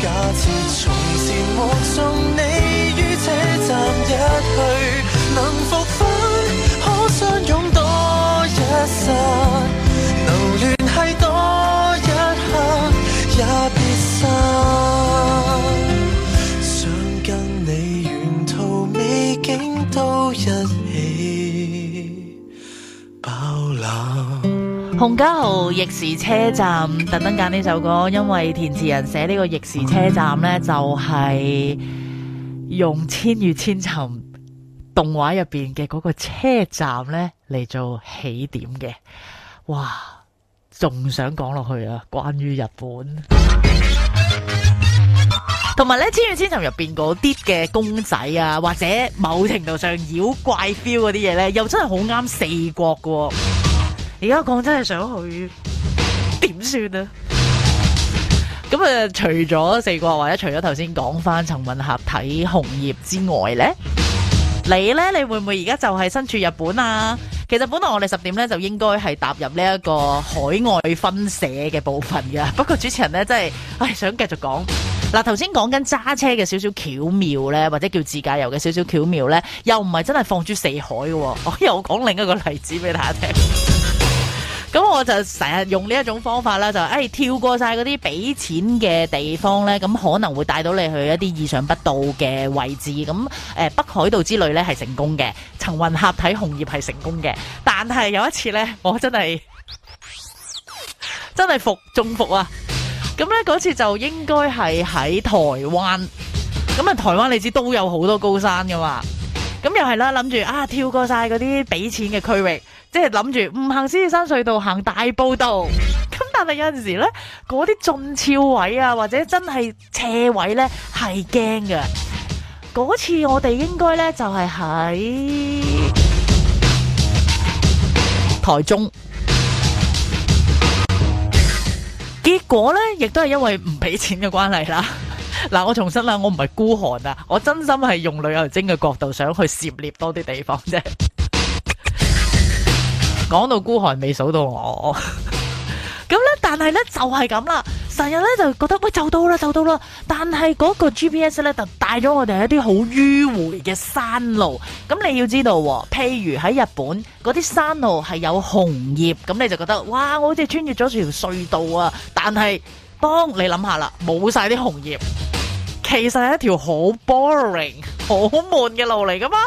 假設從前目送你於車站一去，能復返，可相擁多一剎。洪嘉豪《逆時車站》，特登揀呢首歌，因為填詞人寫呢個《逆時車站》呢，就係用《千與千尋》動畫入邊嘅嗰個車站呢嚟做起點嘅。哇，仲想講落去啊！關於日本，同埋呢《千與千尋》入邊嗰啲嘅公仔啊，或者某程度上妖怪 feel 嗰啲嘢呢，又真係好啱四國噶。而家講真係想去，點算啊？咁啊，除咗四國或者除咗頭先講翻層雲峽睇紅葉之外呢，你呢？你會唔會而家就係身處日本啊？其實本來我哋十點呢，就應該係踏入呢一個海外分社嘅部分㗎，不過主持人呢，真係，唉，想繼續講嗱，頭先講緊揸車嘅少少巧妙呢，或者叫自駕遊嘅少少巧妙呢，又唔係真係放諸四海嘅，我又講另一個例子俾大家聽。咁我就成日用呢一種方法啦，就誒、是哎、跳過晒嗰啲俾錢嘅地方呢，咁可能會帶到你去一啲意想不到嘅位置。咁誒、呃、北海道之類呢係成功嘅，層雲峽睇紅葉係成功嘅。但係有一次呢，我真係真係服中服啊！咁呢嗰次就應該係喺台灣。咁啊台灣你知都有好多高山㗎嘛，咁又係啦，諗住啊跳過晒嗰啲俾錢嘅區域。即係諗住唔行獅子山隧道，行大埔道。咁但係有陣時咧，嗰啲進超位啊，或者真係斜位咧係驚嘅。嗰次我哋應該咧就係喺台中。結果咧，亦都係因為唔俾錢嘅關係啦。嗱，我重申啦，我唔係孤寒啊，我真心係用旅遊精嘅角度想去涉獵多啲地方啫。講到孤寒未數到我，咁咧，但係咧就係咁啦，成日咧就覺得喂，就到啦，就到啦，但係嗰個 GPS 咧就帶咗我哋一啲好迂回嘅山路，咁你要知道喎，譬如喺日本嗰啲山路係有紅葉，咁你就覺得哇我好似穿越咗條隧道啊，但係當你諗下啦，冇晒啲紅葉，其實係一條好 boring 好悶嘅路嚟噶嘛。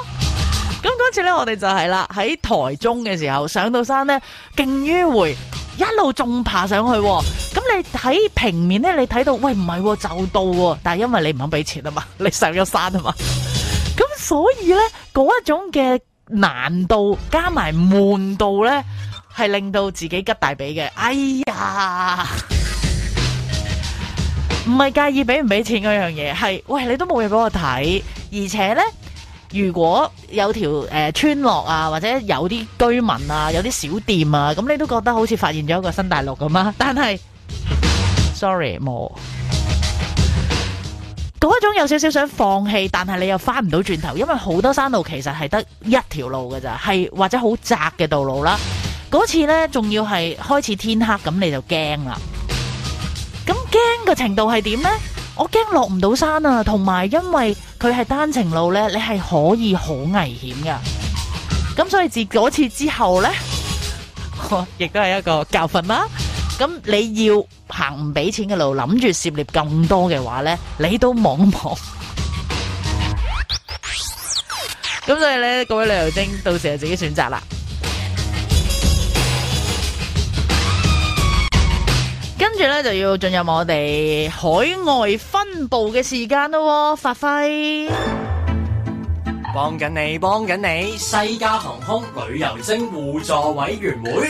咁嗰次咧，我哋就係啦，喺台中嘅時候上到山咧，勁迂回，一路仲爬上去喎。咁你喺平面咧，你睇到喂唔係喎，就到，但係因為你唔肯俾錢啊嘛，你上咗山啊嘛。咁 所以咧，嗰一種嘅難度加埋悶度咧，係令到自己吉大髀嘅。哎呀，唔係介意俾唔俾錢嗰樣嘢，係喂你都冇嘢俾我睇，而且咧。如果有條誒村落啊，或者有啲居民啊，有啲小店啊，咁你都覺得好似發現咗一個新大陸咁啊？但係，sorry，冇嗰一種有少少想放棄，但係你又翻唔到轉頭，因為好多山路其實係得一條路噶咋，係或者好窄嘅道路啦。嗰次呢，仲要係開始天黑，咁你就驚啦。咁驚嘅程度係點呢？我驚落唔到山啊，同埋因為。佢係單程路咧，你係可以好危險噶咁所以自嗰次之後咧，亦都係一個教訓啦，咁你要行唔俾錢嘅路，諗住涉獵咁多嘅話咧，你都望唔望？咁所以咧，各位旅遊精，到時就自己選擇啦。跟住咧就要進入我哋海外分部嘅時間咯，發揮。幫緊你，幫緊你，西加航空旅遊精互助委員會。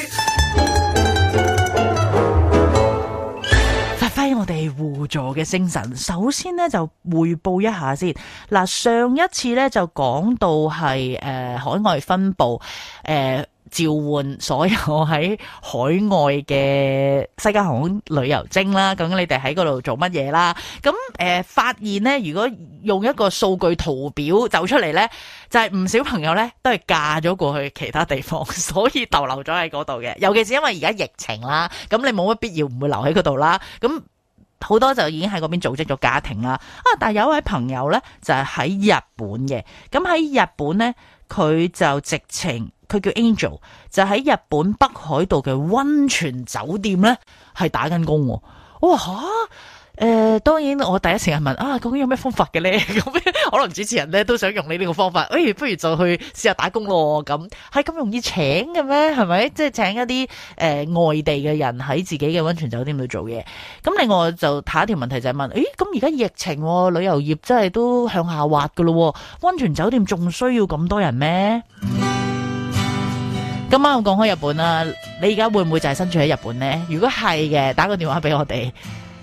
發揮我哋互助嘅精神。首先咧就匯報一下先。嗱，上一次咧就講到係誒海外分部誒。召喚所有喺海外嘅西加航空旅遊精啦，咁你哋喺嗰度做乜嘢啦？咁誒、呃、發現呢，如果用一個數據圖表走出嚟呢，就係、是、唔少朋友呢都係嫁咗過去其他地方，所以逗留咗喺嗰度嘅。尤其是因為而家疫情啦，咁你冇乜必要唔會留喺嗰度啦。咁好多就已經喺嗰邊組織咗家庭啦。啊，但有一位朋友呢，就係、是、喺日本嘅，咁喺日本呢。佢就直情，佢叫 Angel，就喺日本北海道嘅溫泉酒店咧，係打緊工。哇。吓、啊。誒、呃，當然我第一時間問啊，究竟有咩方法嘅呢？咁 可能主持人咧都想用你呢個方法，誒、哎，不如就去試下打工咯咁，係咁容易請嘅咩？係咪？即係請一啲誒、呃、外地嘅人喺自己嘅溫泉酒店度做嘢。咁另外就下一條問題就係、是、問，誒，咁而家疫情、啊，旅遊業真係都向下滑噶咯、啊，溫泉酒店仲需要咁多人咩？ 今晚我講開日本啦、啊，你而家會唔會就係身處喺日本呢？如果係嘅，打個電話俾我哋。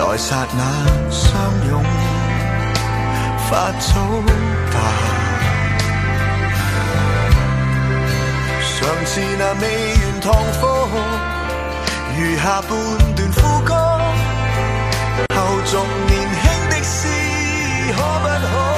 在剎那相擁，發躁吧。上次那未完堂課，餘下半段副歌，後續年輕的事，可不可？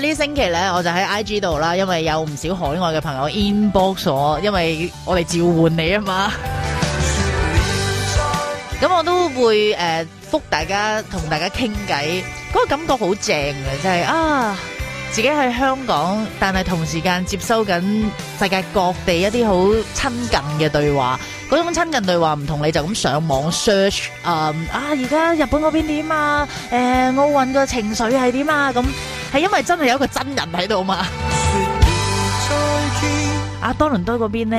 呢星期咧，我就喺 IG 度啦，因為有唔少海外嘅朋友 inbox 我，因為我哋召喚你啊嘛。咁我都會誒覆大家，同大家傾偈，嗰個感覺好正嘅，即係啊，自己喺香港，但係同時間接收緊世界各地一啲好親近嘅對話。嗰種親近，對話唔同你就咁上網 search，um, 啊！啊，而家日本嗰邊點啊？誒，奧運個情緒係點啊？咁係因為真係有一個真人喺度嘛再見？阿，啊、多倫多嗰邊呢？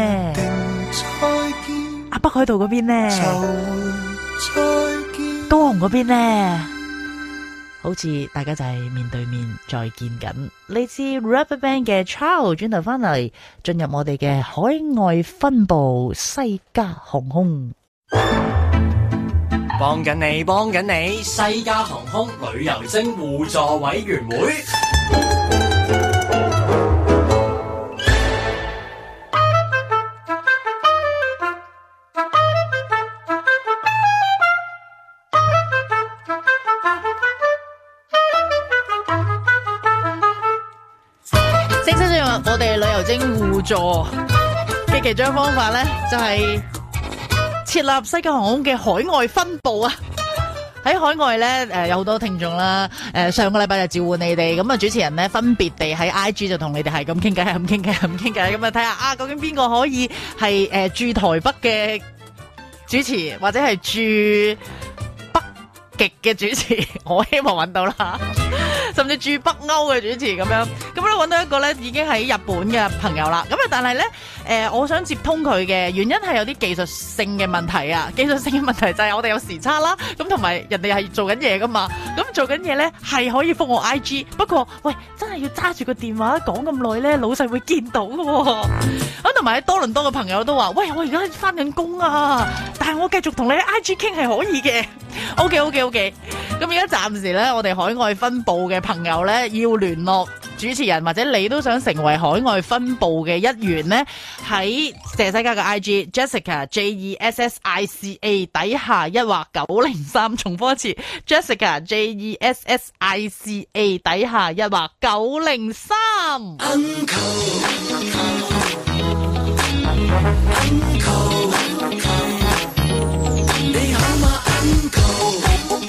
阿，啊、北海道嗰邊呢？再見高雄嗰邊呢？好似大家就係面對面再見緊。嚟自 Rapper Band 嘅 Charles 轉頭翻嚟，進入我哋嘅海外分部西加航空，幫緊你幫緊你，西加航空旅遊精互助委員會。互助嘅其中一方法咧，就係、是、設立西加航空嘅海外分部啊！喺 海外咧，誒、呃、有好多聽眾啦，誒、呃、上個禮拜就召喚你哋，咁啊主持人咧分別地喺 IG 就同你哋係咁傾偈，係咁傾偈，咁傾偈，咁啊睇下啊，究竟邊個可以係誒駐台北嘅主持，或者係駐北極嘅主持，我希望揾到啦。 甚至住北歐嘅主持咁樣，咁咧揾到一個咧已經喺日本嘅朋友啦。咁啊，但係咧，誒、呃，我想接通佢嘅原因係有啲技術性嘅問題啊。技術性嘅問題就係我哋有時差啦。咁同埋人哋係做緊嘢噶嘛。咁做緊嘢咧係可以覆我 I G，不過喂，真係要揸住個電話講咁耐咧，老細會見到㗎。咁同埋喺多倫多嘅朋友都話，喂，我而家翻緊工啊，但係我繼續同你 I G 傾係可以嘅。O K，O K，O K。咁而家暫時咧，我哋海外分部嘅朋友咧，要聯絡主持人或者你都想成為海外分部嘅一員咧，喺佘世嘉嘅 IG Jessica J E S S I C A 底下一劃九零三，重播一次，Jessica J E S S I C A 底下一劃九零三。Uncle. Uncle.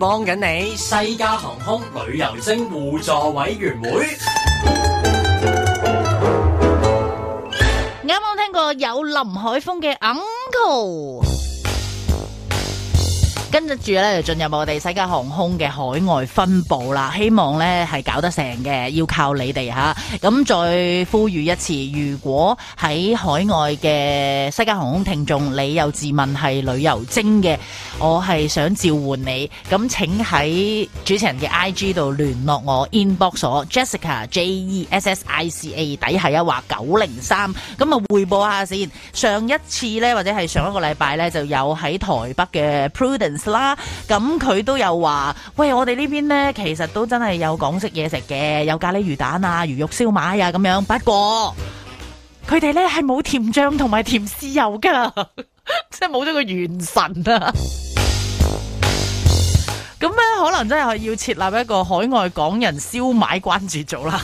幫緊你，西加航空旅遊精互助委員會。啱啱聽過有林海峰嘅 Uncle？跟住咧就進入我哋世界航空嘅海外分布啦，希望咧係搞得成嘅，要靠你哋吓，咁再呼籲一次，如果喺海外嘅世界航空聽眾你又自問係旅遊精嘅，我係想召喚你，咁請喺主持人嘅 I G 度聯絡我 inbox，所 Jessica J E S S I C A 底下一話九零三，咁啊匯報下先。上一次咧，或者係上一個禮拜咧，就有喺台北嘅 Prudence。啦，咁佢都有話，喂，我哋呢邊呢，其實都真係有港式嘢食嘅，有咖喱魚蛋啊，魚肉燒賣啊咁樣。不過佢哋呢係冇甜醬同埋甜豉油噶， 即係冇咗個元神啊。咁呢，可能真係要設立一個海外港人燒賣關注組啦，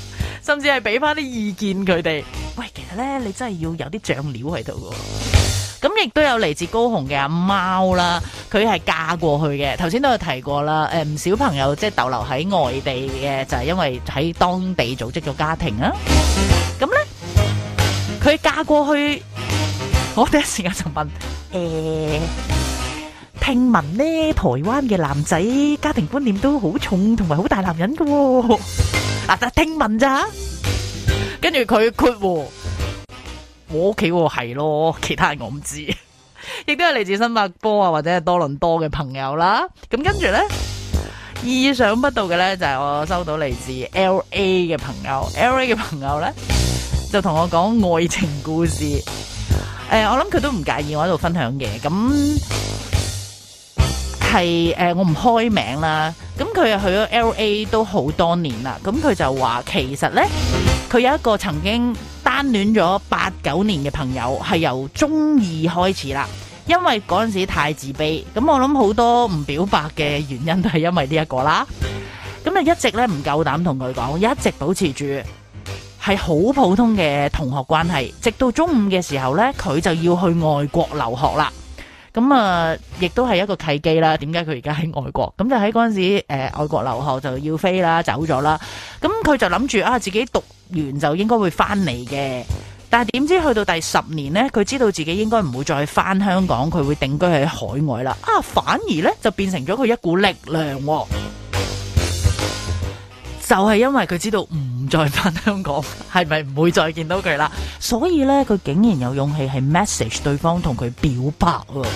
甚至係俾翻啲意見佢哋。喂，其實呢，你真係要有啲醬料喺度嘅。咁亦都有嚟自高雄嘅阿貓啦，佢係嫁過去嘅。頭先都有提過啦，誒，唔少朋友即係逗留喺外地嘅，就係因為喺當地組織咗家庭啊。咁咧，佢嫁過去，我第一時間就問，誒，聽聞呢台灣嘅男仔家庭觀念都好重，同埋好大男人噶，嗱，聽聞咋？跟住佢括喎。我屋企喎，係咯。其他人我唔知，亦都係嚟自新加坡啊、或者係多倫多嘅朋友啦。咁跟住呢，意想不到嘅呢就係我收到嚟自 LA 嘅朋友，LA 嘅朋友呢就同我講愛情故事。誒，我諗佢都唔介意我喺度分享嘅。咁係誒，我唔開名啦。咁佢啊，去咗 LA 都好多年啦。咁佢就話其實呢，佢有一個曾經。單戀咗八九年嘅朋友，係由中二開始啦，因為嗰陣時太自卑，咁我諗好多唔表白嘅原因都係因為呢一個啦。咁就一直咧唔夠膽同佢講，一直保持住係好普通嘅同學關係，直到中五嘅時候呢，佢就要去外國留學啦。咁啊，亦都係一個契機啦。點解佢而家喺外國？咁就喺嗰陣時，呃，外國留學就要飛啦，走咗啦。咁佢就諗住啊，自己讀完就應該會翻嚟嘅。但係點知去到第十年呢，佢知道自己應該唔會再翻香港，佢會定居喺海外啦。啊，反而呢，就變成咗佢一股力量喎、哦。就係因為佢知道唔再返香港，係咪唔會再見到佢啦？所以呢，佢竟然有勇氣係 message 對方同佢表白喎。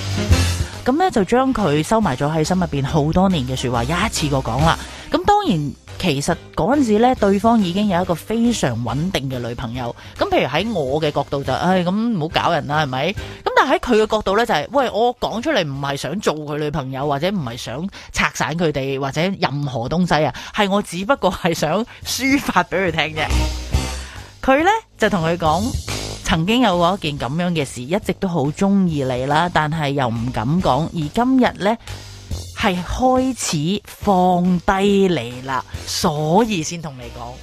咁呢，就將佢收埋咗喺心入邊好多年嘅説話，一次過講啦。咁當然。其實嗰陣時咧，對方已經有一個非常穩定嘅女朋友。咁譬如喺我嘅角度就，唉，咁唔好搞人啦，係咪？咁但係喺佢嘅角度呢，就係，喂，我講出嚟唔係想做佢女朋友，或者唔係想拆散佢哋，或者任何東西啊，係我只不過係想抒發俾佢聽啫。佢呢，就同佢講，曾經有過一件咁樣嘅事，一直都好中意你啦，但係又唔敢講。而今日呢。係開始放低你啦，所以先同你講。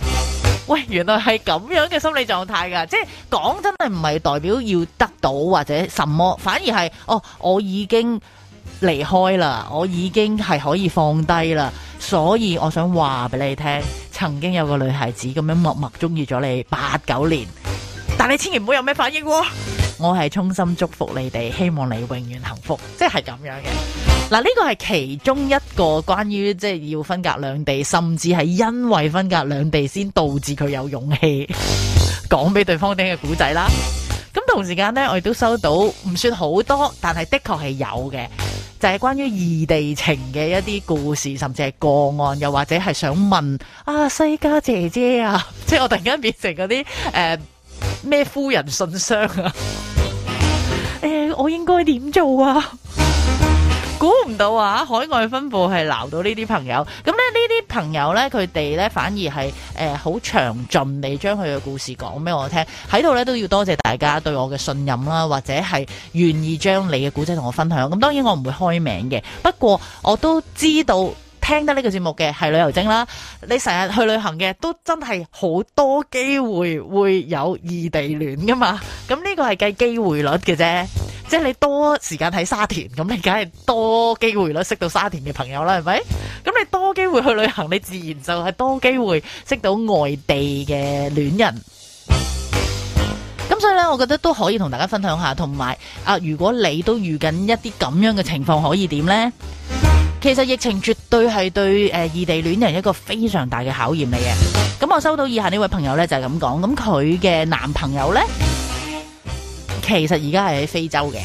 喂，原來係咁樣嘅心理狀態噶，即係講真係唔係代表要得到或者什麼，反而係哦，我已經離開啦，我已經係可以放低啦，所以我想話俾你聽，曾經有個女孩子咁樣默默中意咗你八九年，但你千祈唔好有咩反應喎、啊。我係衷心祝福你哋，希望你永遠幸福，即係咁樣嘅。嗱，呢個係其中一個關於即係要分隔兩地，甚至係因為分隔兩地先導致佢有勇氣講俾對方聽嘅故仔啦。咁同時間呢，我亦都收到唔算好多，但係的確係有嘅，就係關於異地情嘅一啲故事，甚至係個案，又或者係想問啊西家姐姐啊，即係我突然間變成嗰啲誒咩夫人信箱啊？誒、呃，我應該點做啊？估唔到啊！海外分佈係鬧到呢啲朋友，咁咧呢啲朋友呢，佢哋呢，反而係呃好詳盡地將佢嘅故事講俾我聽，喺度呢，都要多謝大家對我嘅信任啦，或者係願意將你嘅故仔同我分享。咁當然我唔會開名嘅，不過我都知道。聽得呢個節目嘅，係旅遊精啦，你成日去旅行嘅都真係好多機會會有異地戀噶嘛？咁呢個係計機會率嘅啫，即係你多時間喺沙田，咁你梗係多機會率識到沙田嘅朋友啦，係咪？咁你多機會去旅行，你自然就係多機會識到外地嘅戀人。咁所以呢，我覺得都可以同大家分享下，同埋啊，如果你都遇緊一啲咁樣嘅情況，可以點呢？其實疫情絕對係對誒異、呃、地戀人一個非常大嘅考驗嚟嘅。咁我收到以下呢位朋友呢，就係咁講，咁佢嘅男朋友呢，其實而家係喺非洲嘅，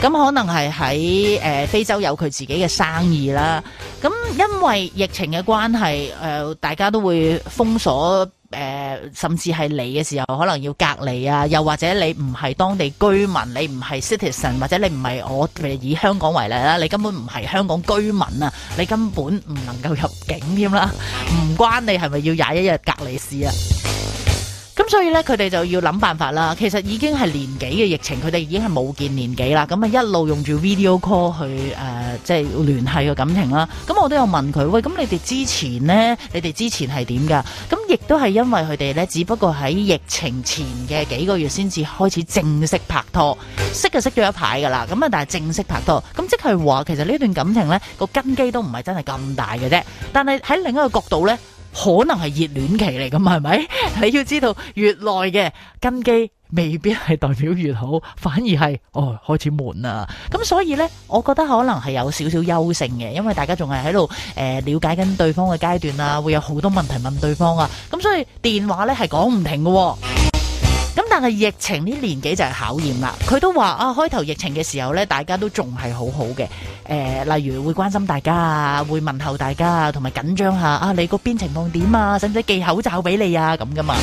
咁可能係喺誒非洲有佢自己嘅生意啦。咁因為疫情嘅關係，誒、呃、大家都會封鎖。誒、呃，甚至係嚟嘅時候，可能要隔離啊！又或者你唔係當地居民，你唔係 citizen，或者你唔係我以香港為例啦、啊，你根本唔係香港居民啊！你根本唔能夠入境添、啊、啦，唔關你係咪要廿一日隔離事啊！咁所以咧，佢哋就要諗辦法啦。其實已經係年幾嘅疫情，佢哋已經係冇見年幾啦。咁啊一路用住 video call 去誒，即係聯繫個感情啦。咁我都有問佢，喂，咁你哋之前呢？你哋之前係點噶？咁亦都係因為佢哋咧，只不過喺疫情前嘅幾個月先至開始正式拍拖，識就識咗一排噶啦。咁啊，但係正式拍拖，咁即係話，其實呢段感情咧，個根基都唔係真係咁大嘅啫。但係喺另一個角度咧。可能係熱戀期嚟咁，係咪？你要知道，越耐嘅根基未必係代表越好，反而係哦開始悶啊！咁所以呢，我覺得可能係有少少優勝嘅，因為大家仲係喺度誒了解緊對方嘅階段啦，會有好多問題問對方啊！咁所以電話呢係講唔停嘅。但係疫情呢年幾就係考驗啦，佢都話啊開頭疫情嘅時候呢，大家都仲係好好嘅，誒、呃，例如會關心大家，會問候大家，同埋緊張下啊，你嗰邊情況點啊，使唔使寄口罩俾你啊，咁噶嘛？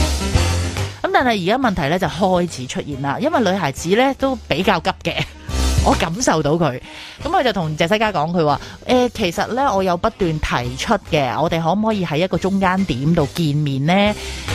咁但係而家問題呢，就開始出現啦，因為女孩子呢都比較急嘅。我感受到佢，咁佢就同謝西加講佢話，誒，其實呢，我有不斷提出嘅，我哋可唔可以喺一個中間點度見面呢？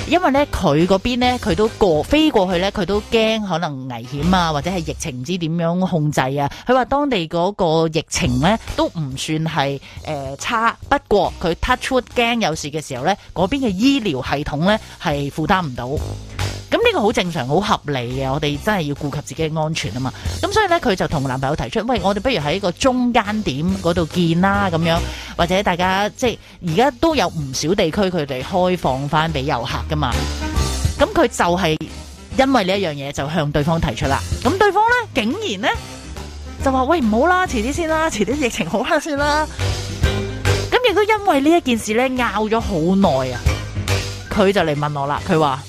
因為呢，佢嗰邊呢，佢都過飛過去呢，佢都驚可能危險啊，或者係疫情唔知點樣控制啊。佢話當地嗰個疫情呢，都唔算係誒、呃、差，不過佢 touch wood 驚有事嘅時候呢，嗰邊嘅醫療系統呢，係負擔唔到。咁呢個好正常、好合理嘅，我哋真係要顧及自己嘅安全啊嘛。咁所以呢，佢就同男朋友提出，喂，我哋不如喺個中間點嗰度見啦，咁樣或者大家即係而家都有唔少地區佢哋開放翻俾遊客噶嘛。咁佢就係因為呢一樣嘢就向對方提出啦。咁對方呢，竟然呢，就話喂，唔好啦，遲啲先啦，遲啲疫情好翻先啦。咁亦都因為呢一件事呢，拗咗好耐啊，佢就嚟問我啦，佢話。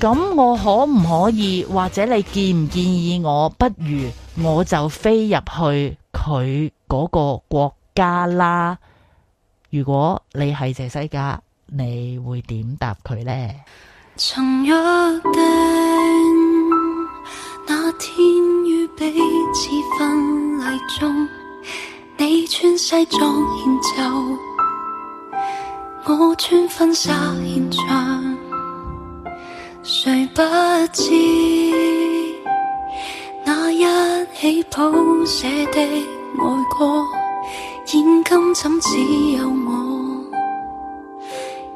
咁我可唔可以，或者你建唔建議我，不如我就飛入去佢嗰個國家啦？如果你係謝西嘉，你會點答佢呢？曾約定那天於彼此婚禮中，你穿西裝獻奏，我穿婚紗獻唱。嗯誰不知那一起譜寫的愛歌，現今怎只有我，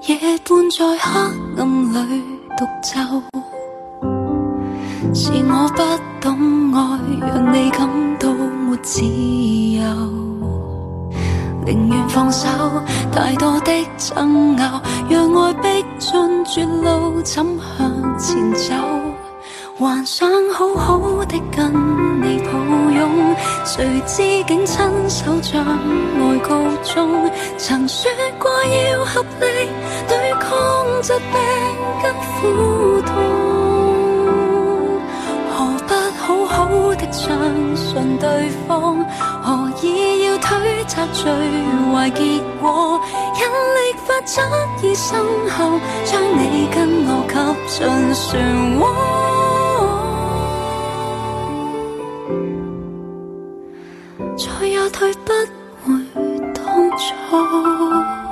夜半在黑暗裏獨奏。是我不懂愛，讓你感到沒自由。寧願放手，太多的爭拗，讓愛逼進絕路，怎向前走？還想好好的跟你抱擁，誰知竟親手將愛告終。曾說過要合力對抗疾病跟苦痛。好的，相信對方，何以要推測最壞結果？引力法則已生效，將你跟我吸進漩渦，再也退不回當初。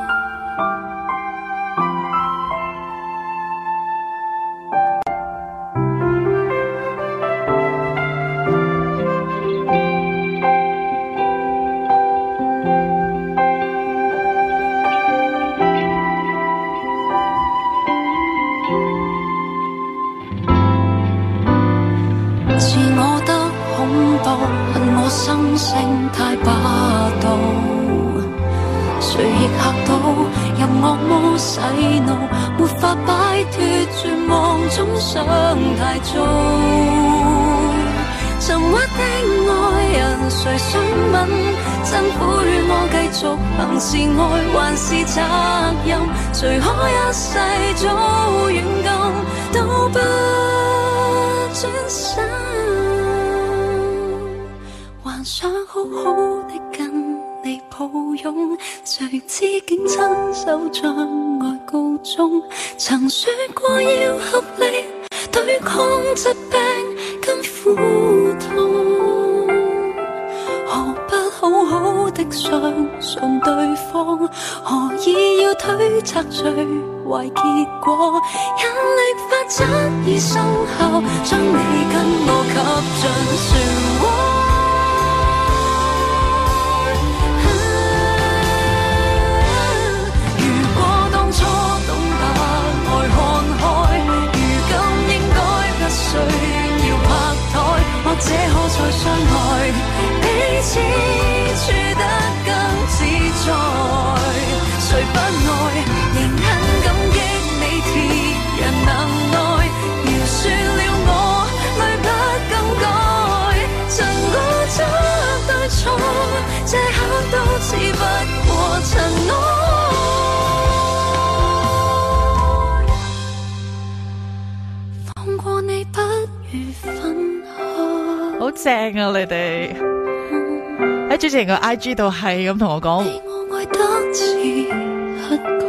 知道係咁同我講，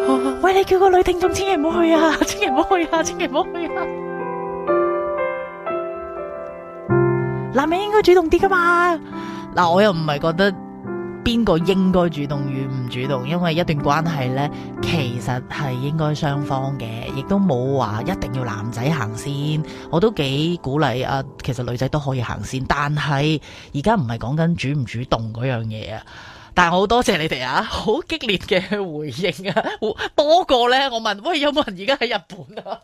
哦，喂，你叫個女聽眾千祈唔好去啊，千祈唔好去啊，千祈唔好去啊！去啊，男人應該主動啲噶嘛，嗱、啊，我又唔係覺得邊個應該主動與唔主動，因為一段關係咧。其實係應該雙方嘅，亦都冇話一定要男仔行先，我都幾鼓勵啊。其實女仔都可以行先，先，但係而家唔係講緊主唔主動嗰樣嘢啊。但係好多謝你哋啊，好激烈嘅回應啊，多過呢，我問，喂，有冇人而家喺日本啊？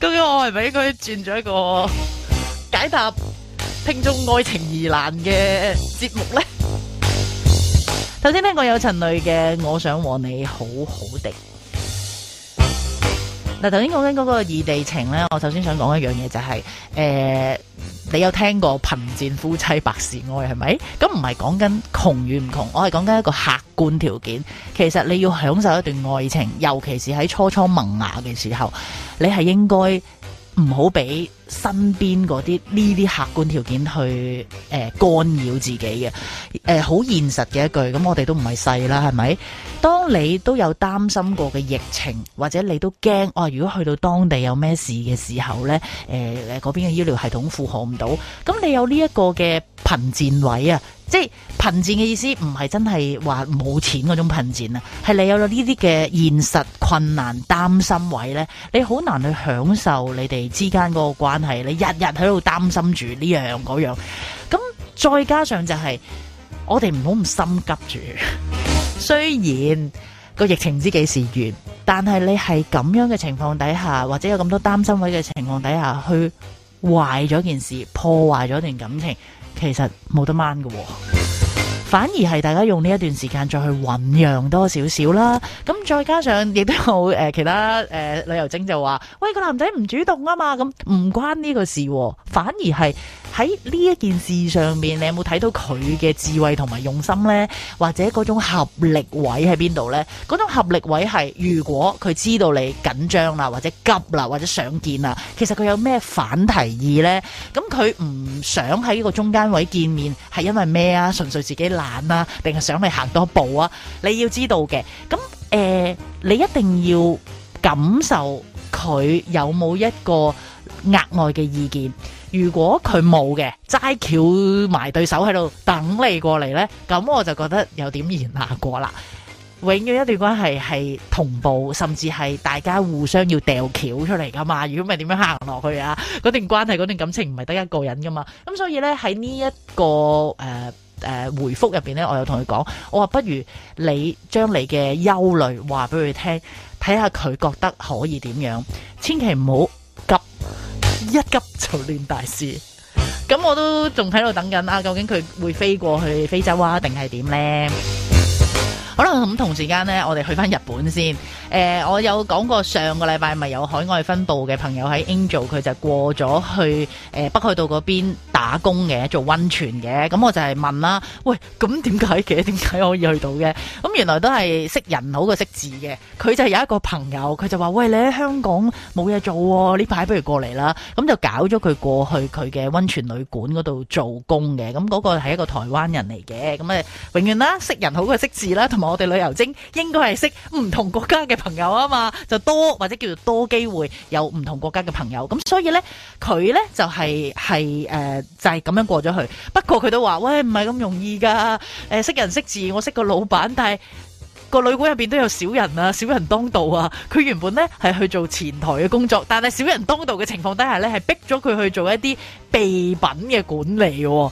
究竟我係咪應該轉咗一個解答聽眾愛情疑難嘅節目呢？」頭先聽過有陳雷嘅《我想和你好好的》嗱，頭先講緊嗰個異地情呢，我首先想講一樣嘢就係、是，誒、欸，你有聽過貧賤夫妻百事哀係咪？咁唔係講緊窮與唔窮，我係講緊一個客觀條件。其實你要享受一段愛情，尤其是喺初初萌芽嘅時候，你係應該。唔好俾身邊嗰啲呢啲客觀條件去、呃、干擾自己嘅、呃、好現實嘅一句，咁我哋都唔係細啦，係咪？當你都有擔心過嘅疫情，或者你都驚哦、啊，如果去到當地有咩事嘅時候呢，嗰、呃、邊嘅醫療系統負荷唔到，咁你有呢一個嘅貧賤位啊？即係貧賤嘅意思不是的，唔係真係話冇錢嗰種貧賤啊，係你有咗呢啲嘅現實困難、擔心位呢，你好難去享受你哋之間嗰個關係。你日日喺度擔心住呢樣嗰樣，咁再加上就係、是、我哋唔好咁心急住。雖然個疫情唔知幾時完，但係你係咁樣嘅情況底下，或者有咁多擔心位嘅情況底下去壞咗件事，破壞咗段感情。其實冇得掹嘅，反而係大家用呢一段時間再去醖釀多少少啦。咁再加上亦都有其他旅遊精就話，喂，個男仔唔主動啊嘛，咁唔關呢個事，反而係。喺呢一件事上面，你有冇睇到佢嘅智慧同埋用心呢？或者嗰種合力位喺邊度呢？嗰種合力位係如果佢知道你緊張啦，或者急啦，或者想見啦，其實佢有咩反提議呢？咁佢唔想喺呢個中間位見面，係因為咩啊？純粹自己懶啊，定係想你行多一步啊？你要知道嘅，咁誒、呃，你一定要感受佢有冇一個額外嘅意見。如果佢冇嘅，齋翹埋對手喺度等你過嚟呢，咁我就覺得有點言下過啦。永遠一段關係係同步，甚至係大家互相要掉翹出嚟噶嘛。如果唔係點樣行落去啊？嗰段關係、嗰段感情唔係得一個人噶嘛。咁所以呢，喺呢一個誒、呃呃、回覆入面呢，我又同佢講，我話不如你將你嘅憂慮話俾佢聽，睇下佢覺得可以點樣。千祈唔好。一急就亂大事，咁 我都仲喺度等緊啊！究竟佢會飛過去非洲啊，定係點呢？好啦，咁同時間呢，我哋去翻日本先。誒、呃，我有講過上個禮拜咪有海外分部嘅朋友喺 Angel，佢就過咗去誒、呃、北海道嗰邊打工嘅，做温泉嘅。咁我就係問啦，喂，咁點解嘅？點解可以去到嘅？咁原來都係識人好過識字嘅。佢就有一個朋友，佢就話，喂，你喺香港冇嘢做，啊，呢排不如過嚟啦。咁就搞咗佢過去佢嘅温泉旅館嗰度做工嘅。咁、那、嗰個係一個台灣人嚟嘅。咁誒，永遠啦，識人好過識字啦，同。我哋旅遊精應該係識唔同國家嘅朋友啊嘛，就多或者叫做多機會有唔同國家嘅朋友，咁所以呢，佢呢就係係誒就係、是、咁樣過咗去。不過佢都話：喂，唔係咁容易噶。誒、欸，識人識字，我識個老闆，但係個旅館入邊都有小人啊，小人當道啊。佢原本呢係去做前台嘅工作，但係小人當道嘅情況底下呢，係逼咗佢去做一啲備品嘅管理、哦。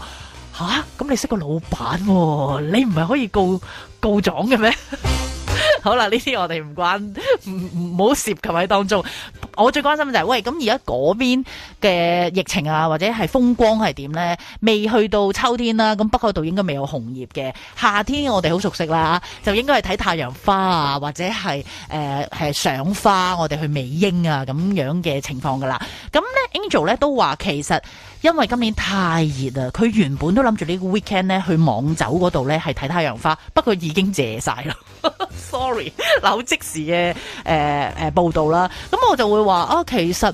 吓，咁、啊、你識個老闆喎、啊？你唔係可以告告狀嘅咩？ 好啦，呢啲我哋唔關，唔唔好涉及喺當中。我最關心嘅就係喂，咁而家嗰邊嘅疫情啊，或者係風光係點咧？未去到秋天啦，啊，咁北海道應該未有紅葉嘅。夏天我哋好熟悉啦，就應該係睇太陽花啊，或者係誒係賞花，我哋去美瑛啊咁樣嘅情況噶啦。咁咧，Angel 咧都話，其實因為今年太熱啦，佢原本都諗住呢個 weekend 咧去網走嗰度咧係睇太陽花，不過已經謝晒啦。 嗱，好 即時嘅誒、呃呃、報道啦，咁我就會話：啊，其實。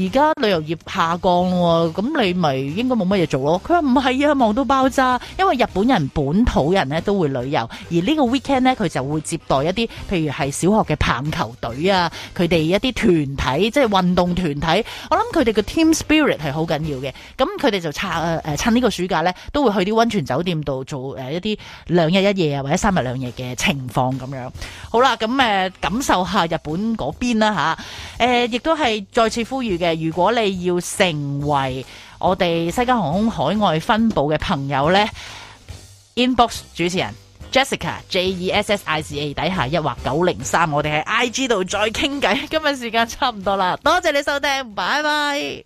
而家旅遊業下降喎，咁你咪應該冇乜嘢做咯？佢話唔係啊，望到爆炸，因為日本人本土人咧都會旅遊，而呢個 weekend 咧佢就會接待一啲，譬如係小學嘅棒球隊啊，佢哋一啲團體，即係運動團體，我諗佢哋嘅 team spirit 係好緊要嘅，咁佢哋就趁誒、呃、趁呢個暑假咧，都會去啲温泉酒店度做誒一啲兩日一夜啊，或者三日兩夜嘅情況咁樣。好啦，咁誒、呃、感受下日本嗰邊啦吓誒亦都係再次呼籲嘅。如果你要成為我哋西加航空海外分部嘅朋友呢，inbox 主持人 Jessica J E S S I C A 底下一或九零三，我哋喺 I G 度再傾偈。今日時間差唔多啦，多謝你收聽，拜拜。